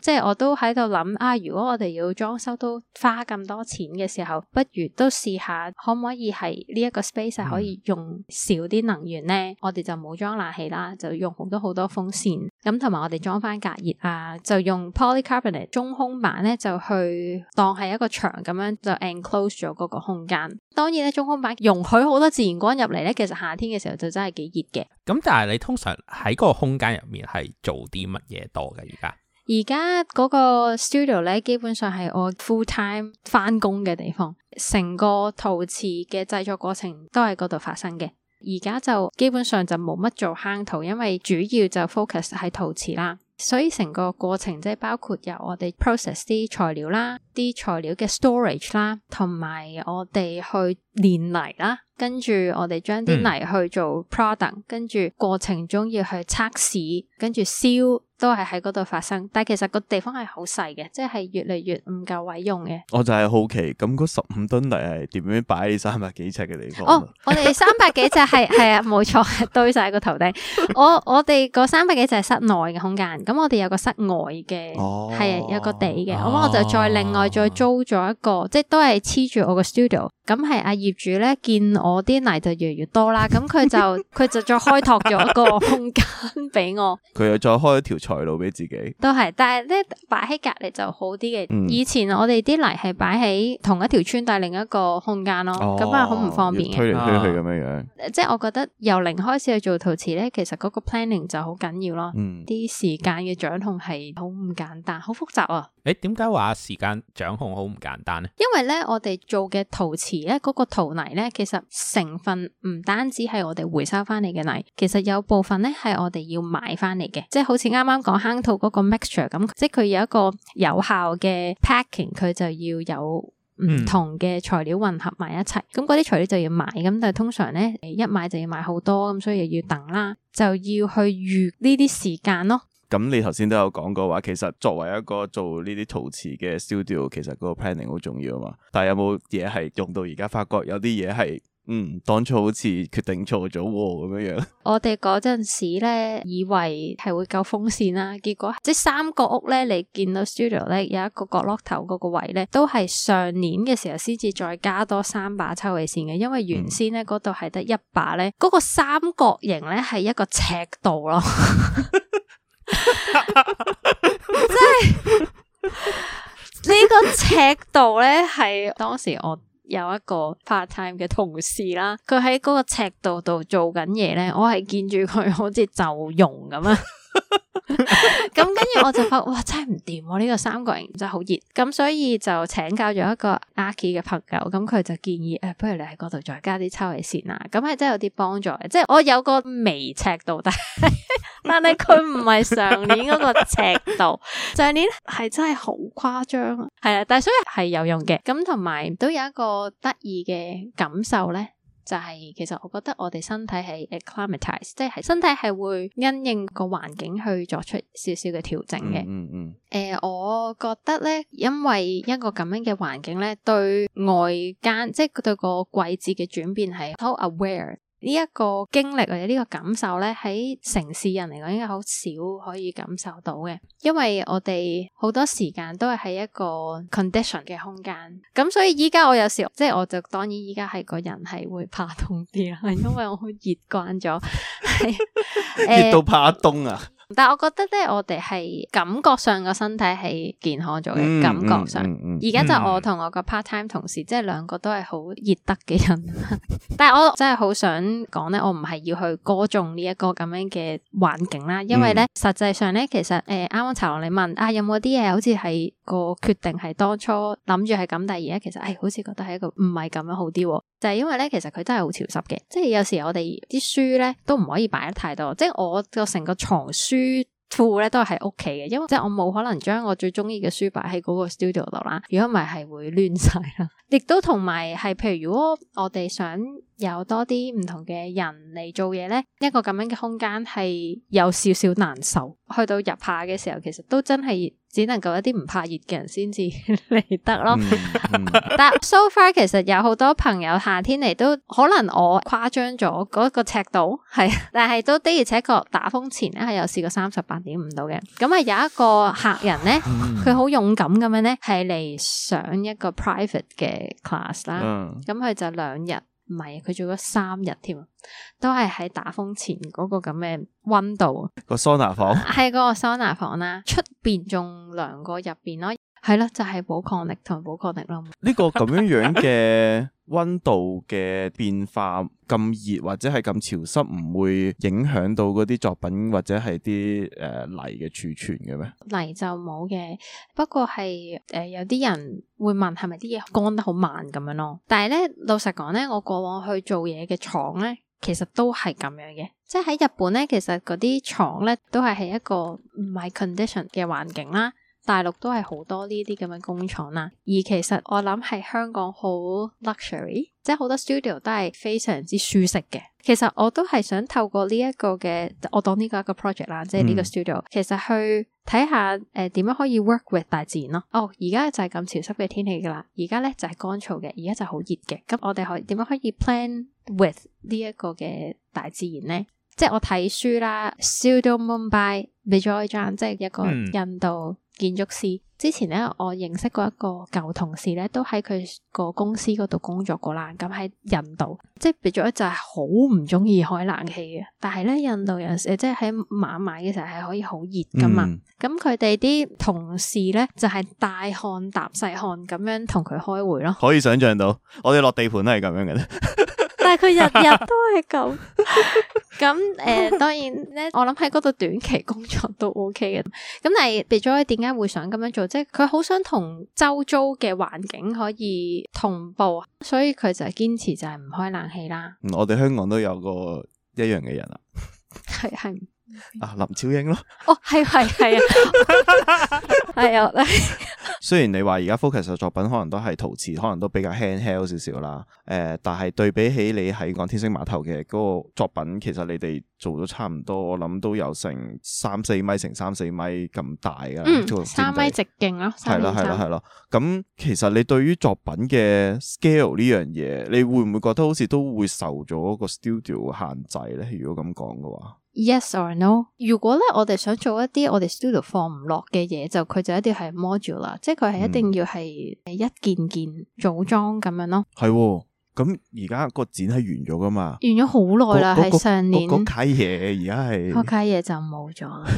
即係我都喺度諗啊，如果我哋要裝修都花咁多錢嘅時候，不如都試下可唔可以係呢一個 space 可以用少啲能源呢？嗯、我哋就冇裝冷氣啦，就用好多好多風扇，咁同埋我哋裝翻隔熱啊，就用 polycarbonate 中空板咧，就去當係一個牆咁樣就 enclose 咗嗰個空間。當然咧，中空板容許好多自然光入嚟咧，其實夏天嘅時候就真係幾熱嘅。咁、嗯、但係你通常喺嗰個空間入面係做啲乜？嘢多嘅而家，而家嗰個 studio 咧，基本上係我 full time 翻工嘅地方。成個陶瓷嘅製作過程都喺嗰度發生嘅。而家就基本上就冇乜做夯土，因為主要就 focus 喺陶瓷啦。所以成個過程即係包括由我哋 process 啲材料啦，啲材料嘅 storage 啦，同埋我哋去練泥啦，跟住我哋將啲泥去做 product，嗯、跟住過程中要去測試，跟住燒。都係喺嗰度發生，但係其實個地方係好細嘅，即係越嚟越唔夠位用嘅。我就係好奇，咁嗰十五噸泥係點樣擺喺三百幾尺嘅地方？我我哋三百幾尺係係啊，冇錯，堆晒喺個頭頂。我我哋個三百幾尺係室內嘅空間，咁我哋有個室外嘅，係有個地嘅。咁我就再另外再租咗一個，即係都係黐住我個 studio。咁係阿業主咧見我啲泥就越嚟越多啦，咁佢就佢就再開拓咗一個空間俾我。佢又再開一條床。台俾自己都係，但係咧擺喺隔籬就好啲嘅。嗯、以前我哋啲泥係擺喺同一條村，但係另一個空間咯，咁啊好唔方便嘅。推嚟推去咁樣樣。即係我覺得由零開始去做陶瓷咧，其實嗰個 planning 就好緊要咯，啲、嗯、時間嘅掌控係好唔簡單，好複雜啊。誒，點解話時間掌控好唔簡單咧？因為咧，我哋做嘅陶瓷咧，嗰個陶泥咧，其實成分唔單止係我哋回收翻嚟嘅泥，其實有部分咧係我哋要買翻嚟嘅，即係好似啱啱講夯土嗰個 mixture 咁，即係佢有一個有效嘅 packing，佢就要有唔同嘅材料混合埋一齊，咁嗰啲材料就要買，咁但係通常咧，一買就要買好多，咁所以又要等啦，就要去預呢啲時間咯。咁你頭先都有講過話，其實作為一個做呢啲陶瓷嘅 studio，其實嗰個 planning 好重要啊嘛。但係有冇嘢係用到而家，發覺有啲嘢係，嗯，當初好似決定錯咗咁樣樣。我哋嗰陣時咧，以為係會夠風扇啦，結果即係三角屋咧，你見到 studio 咧有一個角落頭嗰個位咧，都係上年嘅時候先至再加多三把抽氣扇嘅，因為原先咧嗰度係得一把咧，嗰、嗯、個三角形咧係一個尺度咯。 [LAUGHS] 即係呢個尺度咧，係 [LAUGHS] 當時我有一個 part time 嘅同事啦，佢喺嗰個尺度度做緊嘢咧，我係見住佢好似就用咁啊。 [LAUGHS] 咁 [LAUGHS] 跟住我就發覺哇，真係唔掂喎，呢、這個三角形真係好熱，咁所以就請教咗一個阿 k e 嘅朋友，咁佢就建議誒、呃，不如你喺嗰度再加啲抽氣扇啊，咁係真有啲幫助嘅，即係我有個微尺度，但係但係佢唔係上年嗰個尺度，上年係真係好誇張，係啊，但係所以係有用嘅，咁同埋都有一個得意嘅感受咧。就係、是、其實我覺得我哋身體係 acclimatize 即係身體係會因應個環境去作出少少嘅調整嘅。誒、嗯嗯嗯呃，我覺得咧，因為一個咁樣嘅環境咧，對外間即係對個季節嘅轉變係好 aware。呢一個經歷或者呢個感受咧，喺城市人嚟講應該好少可以感受到嘅，因為我哋好多時間都係喺一個 condition 嘅空間，咁所以依家我有時即係我就當然依家係個人係會怕凍啲啦， [LAUGHS] 係因為我好熱慣咗， [LAUGHS] [LAUGHS] 嗯、熱到怕凍啊！但係我覺得咧，我哋係感覺上個身體係健康咗嘅，感覺上。而家、嗯嗯嗯嗯、就我同我個 part time 同事，即係兩個都係好熱得嘅人。 [LAUGHS] [LAUGHS] 但係我真係好想講咧，我唔係要去歌頌呢一個咁樣嘅環境啦。因為咧，嗯、實際上咧，其實誒，啱、呃、啱茶樓你問啊，有冇啲嘢好似係個決定係當初諗住係咁，但係而家其實誒、哎，好似覺得係一個唔係咁樣好啲。就係、是、因為咧，其實佢真係好潮濕嘅，即係有時我哋啲書咧都唔可以擺得太多。即係我個成個藏書。書庫咧都係喺屋企嘅，因為即係我冇可能將我最中意嘅書擺喺嗰個 studio 度啦，如果唔係係會亂晒啦。亦 [LAUGHS] 都同埋係，譬如如果我哋想有多啲唔同嘅人嚟做嘢咧，一個咁樣嘅空間係有少少難受。去到入下嘅時候，其實都真係。只能夠一啲唔怕熱嘅人先至嚟得咯。 [LAUGHS] 但 so far 其實有好多朋友夏天嚟都可能我誇張咗嗰個尺度係，但係都的而且確打風前咧係有試過三十八點五度嘅。咁啊有一個客人咧，佢好勇敢咁樣咧係嚟上一個 private 嘅 class 啦。咁佢就兩日。唔係，佢做咗三日添，都係喺打風前嗰個咁嘅溫度，桑 [LAUGHS] 個桑拿房係、啊、嗰個桑拿房啦，出邊仲涼過入邊咯。係啦，就係、是、保抗力同保抗力咯。呢個咁樣樣嘅溫度嘅變化咁熱或者係咁潮濕，唔會影響到嗰啲作品或者係啲誒泥嘅儲存嘅咩？泥，泥就冇嘅，不過係誒、呃、有啲人會問，係咪啲嘢乾得好慢咁樣咯？但係咧，老實講咧，我過往去做嘢嘅廠咧，其實都係咁樣嘅。即係喺日本咧，其實嗰啲廠咧都係喺一個唔係 condition 嘅環境啦。大陸都係好多呢啲咁嘅工廠啦，而其實我諗係香港好 luxury，即係好多 studio 都係非常之舒適嘅。其實我都係想透過呢一個嘅，我當呢個一個 project 啦，即係呢個 studio，其實去睇下誒點樣可以 work with 大自然咯。哦，而家就係咁潮濕嘅天氣噶啦，而家咧就係乾燥嘅，而家就好熱嘅。咁我哋可以點樣可以 plan with 呢一個嘅大自然呢？即係我睇書啦，Studio Mumbai，Bijoy Jain，即係一個印度建築師。嗯、之前咧，我認識過一個舊同事咧，都喺佢個公司嗰度工作過啦。咁喺印度，即係 Bijoy Jain 就係好唔中意開冷氣嘅。但係咧，印度人即係喺晚晚嘅時候係可以好熱噶嘛。咁佢哋啲同事咧就係、是、大汗搭細汗咁樣同佢開會咯。可以想象到，我哋落地盤都係咁樣嘅。 [LAUGHS] [LAUGHS] 但係佢日日都係咁，咁 [LAUGHS] 誒、呃，當然咧，我諗喺嗰度短期工作都 OK 嘅。咁但係 Bjorn 點解會想咁樣做？即係佢好想同周遭嘅環境可以同步，所以佢就堅持就係唔開冷氣啦、嗯。我哋香港都有一個一樣嘅人啊，係 [LAUGHS] 係。 [LAUGHS] 啊，林超英咯，哦，係係係啊，係啊。啊 [LAUGHS] [LAUGHS] 雖然你話而家 focus 作品可能都係陶瓷，可能都比較 handheld 少少啦。誒、呃，但係對比起你喺港天星碼頭嘅嗰個作品，其實你哋做咗差唔多，我諗都有成三四米乘三四米咁大㗎。三、嗯、米直徑咯、啊，係啦係啦係啦。咁、啊啊啊啊、其實你對於作品嘅 scale 呢樣嘢，你會唔會覺得好似都會受咗個 studio 限制咧？如果咁講嘅話。Yes or no？如果咧，我哋想做一啲我哋 studio 放唔落嘅嘢，就佢就一定係 module 啦，即係佢係一定要係一件件組裝咁樣咯。係、哦，咁而家個展係完咗㗎嘛？完咗好耐啦，係上年嗰批嘢，而家係嗰批嘢就冇咗啦。 [LAUGHS]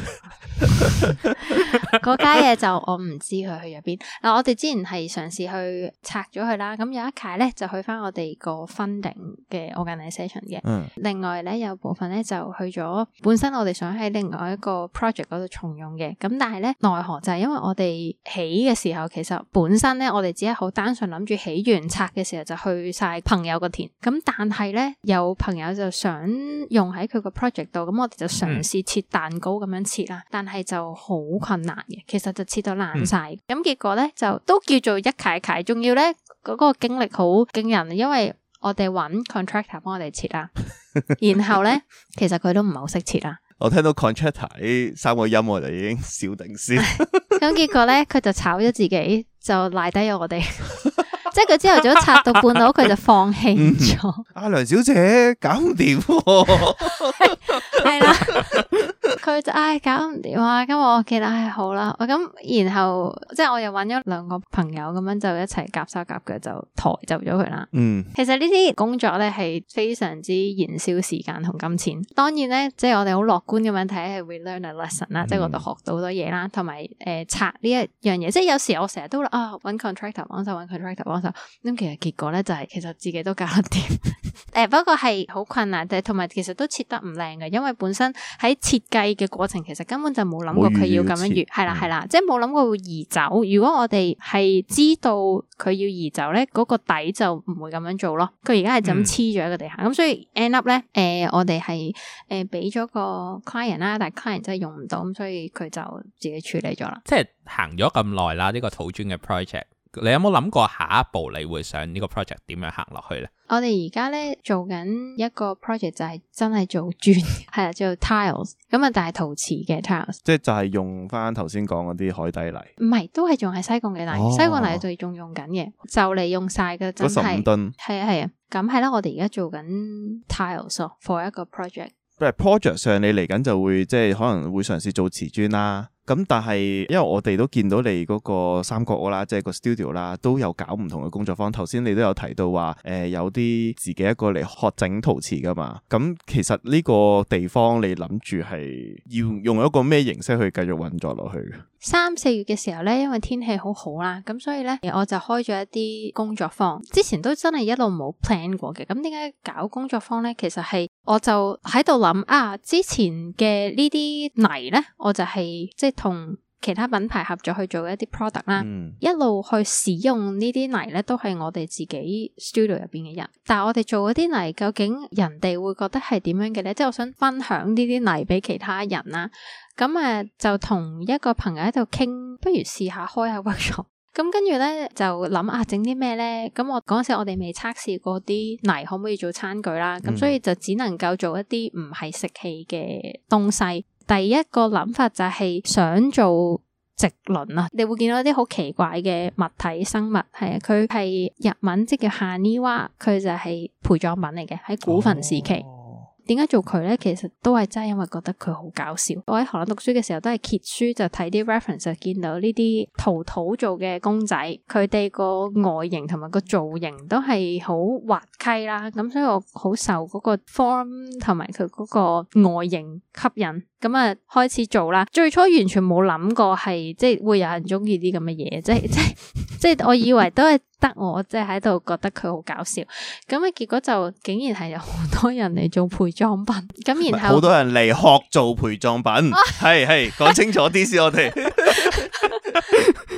嗰間嘢就我唔知佢去咗邊嗱，我哋之前係嘗試去拆咗佢啦，咁有一屆咧就去返我哋個 funding 嘅 organization 嘅，另外咧有部分咧就去咗本身我哋想喺另外一個 project 度重用嘅，咁但係咧奈何就係因為我哋起嘅時候，其實本身咧我哋只係好單純諗住起完拆嘅時候就去晒朋友個田，咁但係咧有朋友就想用喺佢個 project 度，咁我哋就嘗試切蛋糕咁樣切啦，但係就好困難嘅，其實就切到爛晒，咁、嗯、結果咧就都叫做一楷楷，仲要咧嗰個經歷好驚人，因為我哋揾 contractor 幫我哋切啦， [LAUGHS] 然後咧其實佢都唔係好識切啦。 [LAUGHS] 我聽到 contractor 三個音，我哋已經笑定先。咁 [LAUGHS] [LAUGHS] 結果咧，佢就炒咗自己，就賴低咗我哋， [LAUGHS] 即係佢朝頭早拆到半路，佢就放棄咗。阿、嗯啊、梁小姐搞唔掂，係啦。佢就唉、哎、搞唔掂啊！咁我記得唉、哎、好啦、咁、哎、然後即係我又揾咗兩個朋友咁樣就一齊夾手夾腳就抬走咗佢啦。嗯，其實呢啲工作咧係非常之燃燒時間同金錢。當然咧，即係我哋好樂觀咁樣睇，係會 learn a lesson 啦、嗯呃，即係我哋學到好多嘢啦。同埋誒拆呢一樣嘢，即係有時我成日都啊揾 contractor 幫手，揾 contractor 幫手。咁其實結果咧就係、是、其實自己都搞得掂。誒、 [LAUGHS] 哎，不過係好困難係同埋其實都設得唔靚嘅，因為本身喺設計嘅過程其實根本就冇諗過佢要咁樣越，係啦係啦，即係冇諗過會移走。如果我哋係知道佢要移走咧，嗰、那個底就唔會咁樣做咯。佢而家係就咁黐咗喺個地下，咁、嗯、所以 end up 咧，誒、呃，我哋係誒俾咗個 client 啦，但係 client 真係用唔到，咁所以佢就自己處理咗啦。即係行咗咁耐啦，呢、這個土磚嘅 project。你有冇諗過下一步你會想個呢個 project 點樣行落去咧？我哋而家咧做緊一個 project 就係真係做磚，係 [LAUGHS] 叫做 tiles，咁啊但係陶瓷嘅 tiles，即係就係用翻頭先講嗰啲海底泥，唔係都係仲係西貢嘅泥，哦、西貢泥就仲用緊嘅，就嚟、哦、用晒嘅，十五噸，係啊係啊，咁係啦，我哋而家做緊 tiles for 一個 project，不係 project 上你嚟緊就會即係可能會嘗試做瓷磚啦。咁但係，因為我哋都見到你嗰個三角屋啦，即係個 studio 啦，都有搞唔同嘅工作坊。頭先你都有提到話，誒、呃、有啲自己一個嚟學整陶瓷噶嘛。咁其實呢個地方你諗住係要用一個咩形式去繼續運作落去？三四月嘅時候咧，因為天氣好好啦，咁所以咧，我就開咗一啲工作坊。之前都真係一路冇 plan 過嘅。咁點解搞工作坊咧？其實係我就喺度諗啊，之前嘅呢啲泥咧，我就係即係同。就是其他品牌合作去做一啲 product 啦，嗯、一路去使用呢啲泥咧，都係我哋自己 studio 入邊嘅人。但係我哋做嗰啲泥，究竟人哋會覺得係點樣嘅咧？即係我想分享呢啲泥俾其他人啦。咁啊，就同一個朋友喺度傾，不如試下開下 workshop。咁跟住咧就諗啊，整啲咩咧？咁我嗰陣時我哋未測試過啲泥可唔可以做餐具啦，咁所以就只能夠做一啲唔係食器嘅東西。嗯嗯。第一個諗法就係想做埴輪啊！你會見到一啲好奇怪嘅物體生物，係啊，佢係日文即叫 Haniwa，佢就係陪葬品嚟嘅，喺古墳時期。點解、哦、做佢呢？其實都係真係因為覺得佢好搞笑。我喺荷蘭讀書嘅時候都係揭書就睇啲 reference，就見到呢啲陶土做嘅公仔，佢哋個外形同埋個造型都係好滑稽啦。咁所以我好受嗰個 form 同埋佢嗰個外形吸引。咁啊，開始做啦！最初完全冇諗過係，即係會有人中意啲咁嘅嘢，即係即係即係，我以為都係得我即係喺度覺得佢好搞笑。咁啊，結果就竟然係有好多人嚟做陪葬品。咁然後好多人嚟學做陪葬品，係，係講清楚啲先，我哋。 [LAUGHS]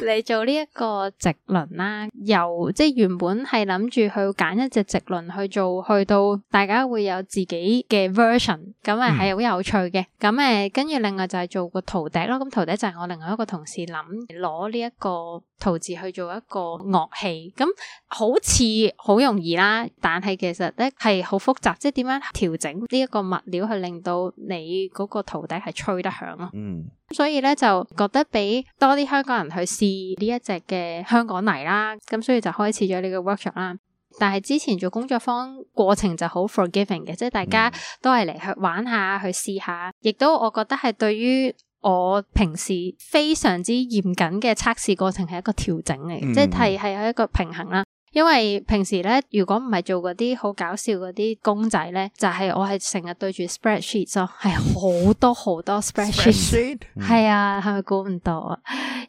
嚟 [LAUGHS] 做呢一個埴輪啦，由即係原本係諗住去揀一隻埴輪去做，去到大家會有自己嘅 version，咁啊係好有趣嘅。咁誒、嗯，跟住另外就係做個陶笛咯。咁陶笛就係我另外一個同事諗攞呢一個陶字去做一個樂器，咁好似好容易啦，但係其實咧係好複雜，即係點樣調整呢一個物料去令到你嗰個陶笛係吹得響咯、啊。嗯。所以咧就覺得俾多啲香港人去試呢一隻嘅香港泥啦，咁所以就開始咗呢個 workshop 啦。但係之前做工作坊過程就好 forgiving 嘅，即係大家都係嚟，去玩下、去試下，亦都我覺得係對於我平時非常之嚴謹嘅測試過程係一個調整嚟，嗯、即係係係有一個平衡啦。因為平時咧，如果唔係做嗰啲好搞笑嗰啲公仔咧，就係、是、我係成日對住 spreadsheet 咯，係好多好多 spreadsheet，係、嗯、啊，係咪估唔到啊？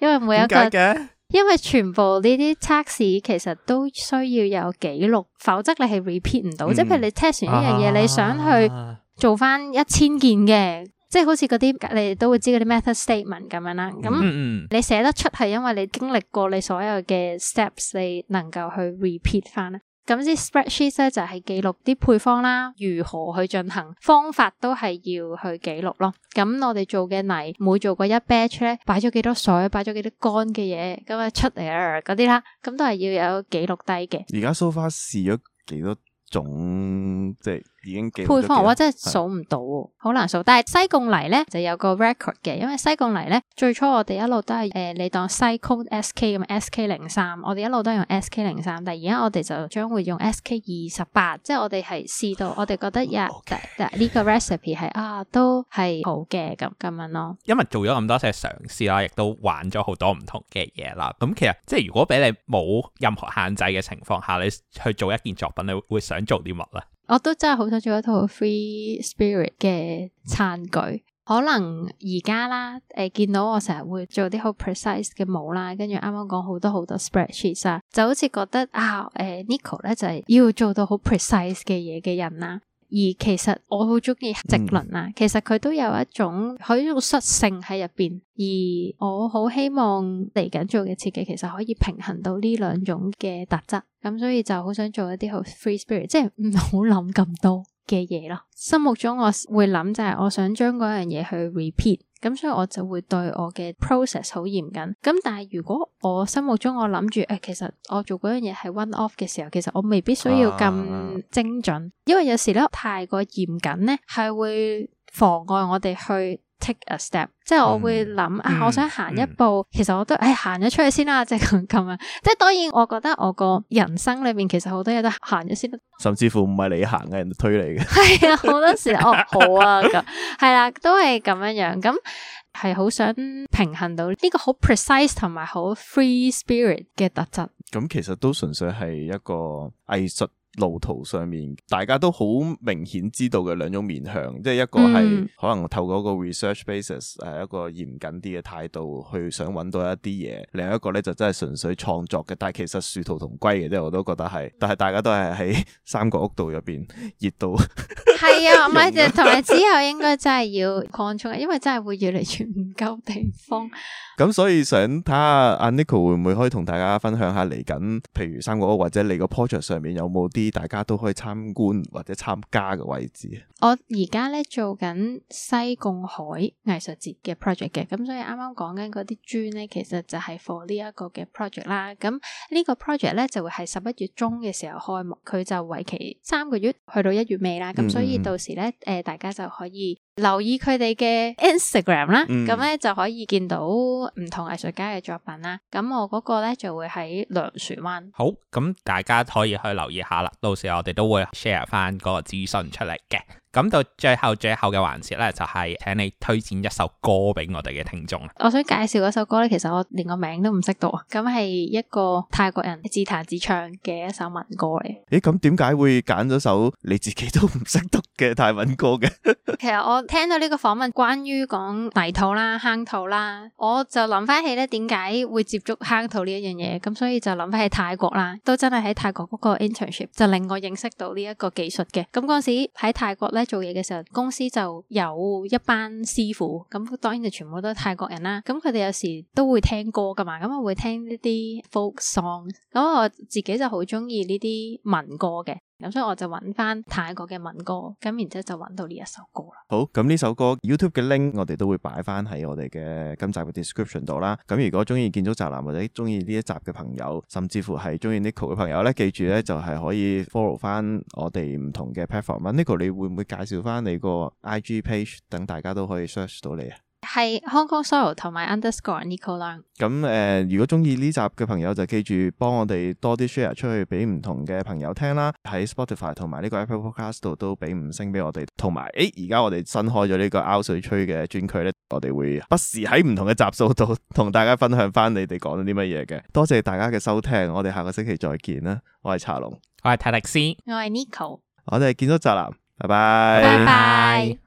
因為每一個，為因為全部呢啲測試其實都需要有記錄，否則你係 repeat 唔到。即係譬如你 test 完呢樣嘢，啊、哈你想去做翻一千件嘅。即係好似嗰啲你都會知嗰啲 method statement 咁樣啦，咁你寫得出係因為你經歷過你所有嘅 steps，你能夠去 repeat 翻啦。咁啲 spreadsheet 咧就係記錄啲配方啦，如何去進行方法都係要去記錄咯。咁我哋做嘅泥，每做過一 batch 咧，擺咗幾多水，擺咗幾多乾嘅嘢咁啊出嚟啊嗰啲啦，咁都係要有記錄低嘅。而家 so far 試咗幾多種即係？已經配方我真係數唔到，好是難數。但係西貢泥咧就有個 record 嘅，因為西貢泥咧最初我哋一路都係誒、呃，你當西谷 SK 咁，SK 零三，我哋一路都係用 SK 零三。但係而家我哋就將會用 SK 二十八，即係我哋係試到，我哋覺得呀，呢 Okay. 個 recipe 係啊都係好嘅咁咁樣咯。 [LAUGHS] 因為做咗咁多隻嘗試啦，亦都玩咗好多唔同嘅嘢啦。咁其實即係如果俾你冇任何限制嘅情況下，你去做一件作品，你會想做啲乜咧？我都真係好想做一套 free spirit 嘅餐具，可能而家啦，誒、呃、見到我成日會做啲好 precise 嘅舞啦，跟住啱啱講好多好多 spreadsheets 啊，呃、就好似覺得啊，誒 Niko 咧就係要做到好 precise 嘅嘢嘅人啦。而其實我好中意埴輪啊，其實佢都有一種喺種率性喺入邊，而我好希望嚟緊做嘅設計其實可以平衡到呢兩種嘅特質，咁所以就好想做一啲好 free spirit，即係唔好諗咁多嘅嘢咯。心目中我會諗就係我想將嗰樣嘢去 repeat。咁所以我就會對我嘅 process 好嚴謹。咁但係如果我心目中我諗住誒，其實我做嗰樣嘢係 one off 嘅時候，其實我未必需要咁精準，因為有時咧太過嚴謹咧，係會妨礙我哋去。Take a step，即係我會諗、嗯、啊，我想行一步，嗯、其實我都誒行咗出去先啦，即係咁咁啊，即係當然我覺得我個人生裏面其實好多嘢都行咗先啦，甚至乎唔係你行嘅人推你嘅，係、 [LAUGHS] [LAUGHS] 哦、啊，好多時哦好啊咁，係啦，都係咁樣樣，咁係好想平衡到呢個好 precise 同埋好 free spirit 嘅特質，咁其實都純粹係一個藝術。路途上面，大家都好明顯知道嘅兩種面向，即係一個係、嗯、可能透過個 research basis 係一個嚴謹啲嘅態度去想揾到一啲嘢，另一個咧就真係純粹創作嘅。但係其實殊途同歸嘅，啫，我都覺得係，但係大家都係喺三個屋度入邊熱到，係啊，唔係，就同埋之後應該真係要擴充，因為真係會越嚟越唔夠地方。咁 [LAUGHS] 所以想睇下阿 Niko 會唔會可以同大家分享下嚟緊，譬如三個屋或者你個 project 上面有冇啲？大家都可以參觀或者參加嘅位置。我而家咧做緊西貢海藝術節嘅 project 嘅，咁所以啱啱講緊嗰啲磚咧，其實就係 for 呢一個嘅 project 啦。咁呢個 project 咧就會係十一月中嘅時候開幕，佢就為期三個月，去到一月尾啦。咁所以到時咧，誒、呃、大家就可以留意佢哋嘅 Instagram 啦，咁咧、嗯、就可以見到唔同藝術家嘅作品啦。咁我嗰個咧就會喺糧船灣。好，咁大家可以去留意下啦。到時我哋都會 share 翻嗰個資訊出嚟嘅。咁到最後最後嘅環節咧，就係請你推薦一首歌俾我哋嘅聽眾。我想介紹嗰首歌咧，其實我連個名都唔識讀啊！咁係一個泰國人自彈自唱嘅一首民歌嚟。誒，咁點解會揀咗首你自己都唔識讀嘅泰文歌嘅？其實我聽到呢個訪問，關於講泥土啦、夯土啦，我就諗翻起咧，點解會接觸夯土呢一樣嘢？咁所以就諗翻起泰國啦，都真係喺泰國嗰個 internship 就令我認識到呢一個技術嘅。咁嗰陣時喺泰國咧。做嘢嘅時候，公司就有一班師傅，咁當然就全部都泰國人啦。咁佢哋有時都會聽歌噶嘛，咁我會聽一啲 folk song。咁我自己就好中意呢啲民歌嘅。咁所以我就揾翻泰國嘅文歌，咁然之後就揾到呢一首歌啦。好，咁呢首歌 YouTube 嘅 link 我哋都會擺翻喺我哋嘅今集嘅 description 度啦。咁如果中意建築宅男或者中意呢一集嘅朋友，甚至乎係中意 Niko 嘅朋友咧，記住咧就係、是、可以 follow 翻我哋唔同嘅 platform。啊、Niko 你會唔會介紹翻你個 IG page，等大家都可以 search 到你啊？係 Hong Kong Soil 同埋 Underscore Nico 啦。o 咁誒，如果中意呢集嘅朋友就記住幫我哋多啲 share 出去俾唔同嘅朋友聽啦。喺 Spotify 同埋呢個 Apple Podcast 度都俾五星俾我哋。同埋誒，而家我哋新開咗呢個拗水吹嘅專區咧，我哋會不時喺唔同嘅集數度同大家分享翻你哋講咗啲乜嘢嘅。多謝大家嘅收聽，我哋下個星期再見啦。我係茶龍，我係泰迪斯，我係 Nico，我哋見咗宅男，拜拜，拜拜。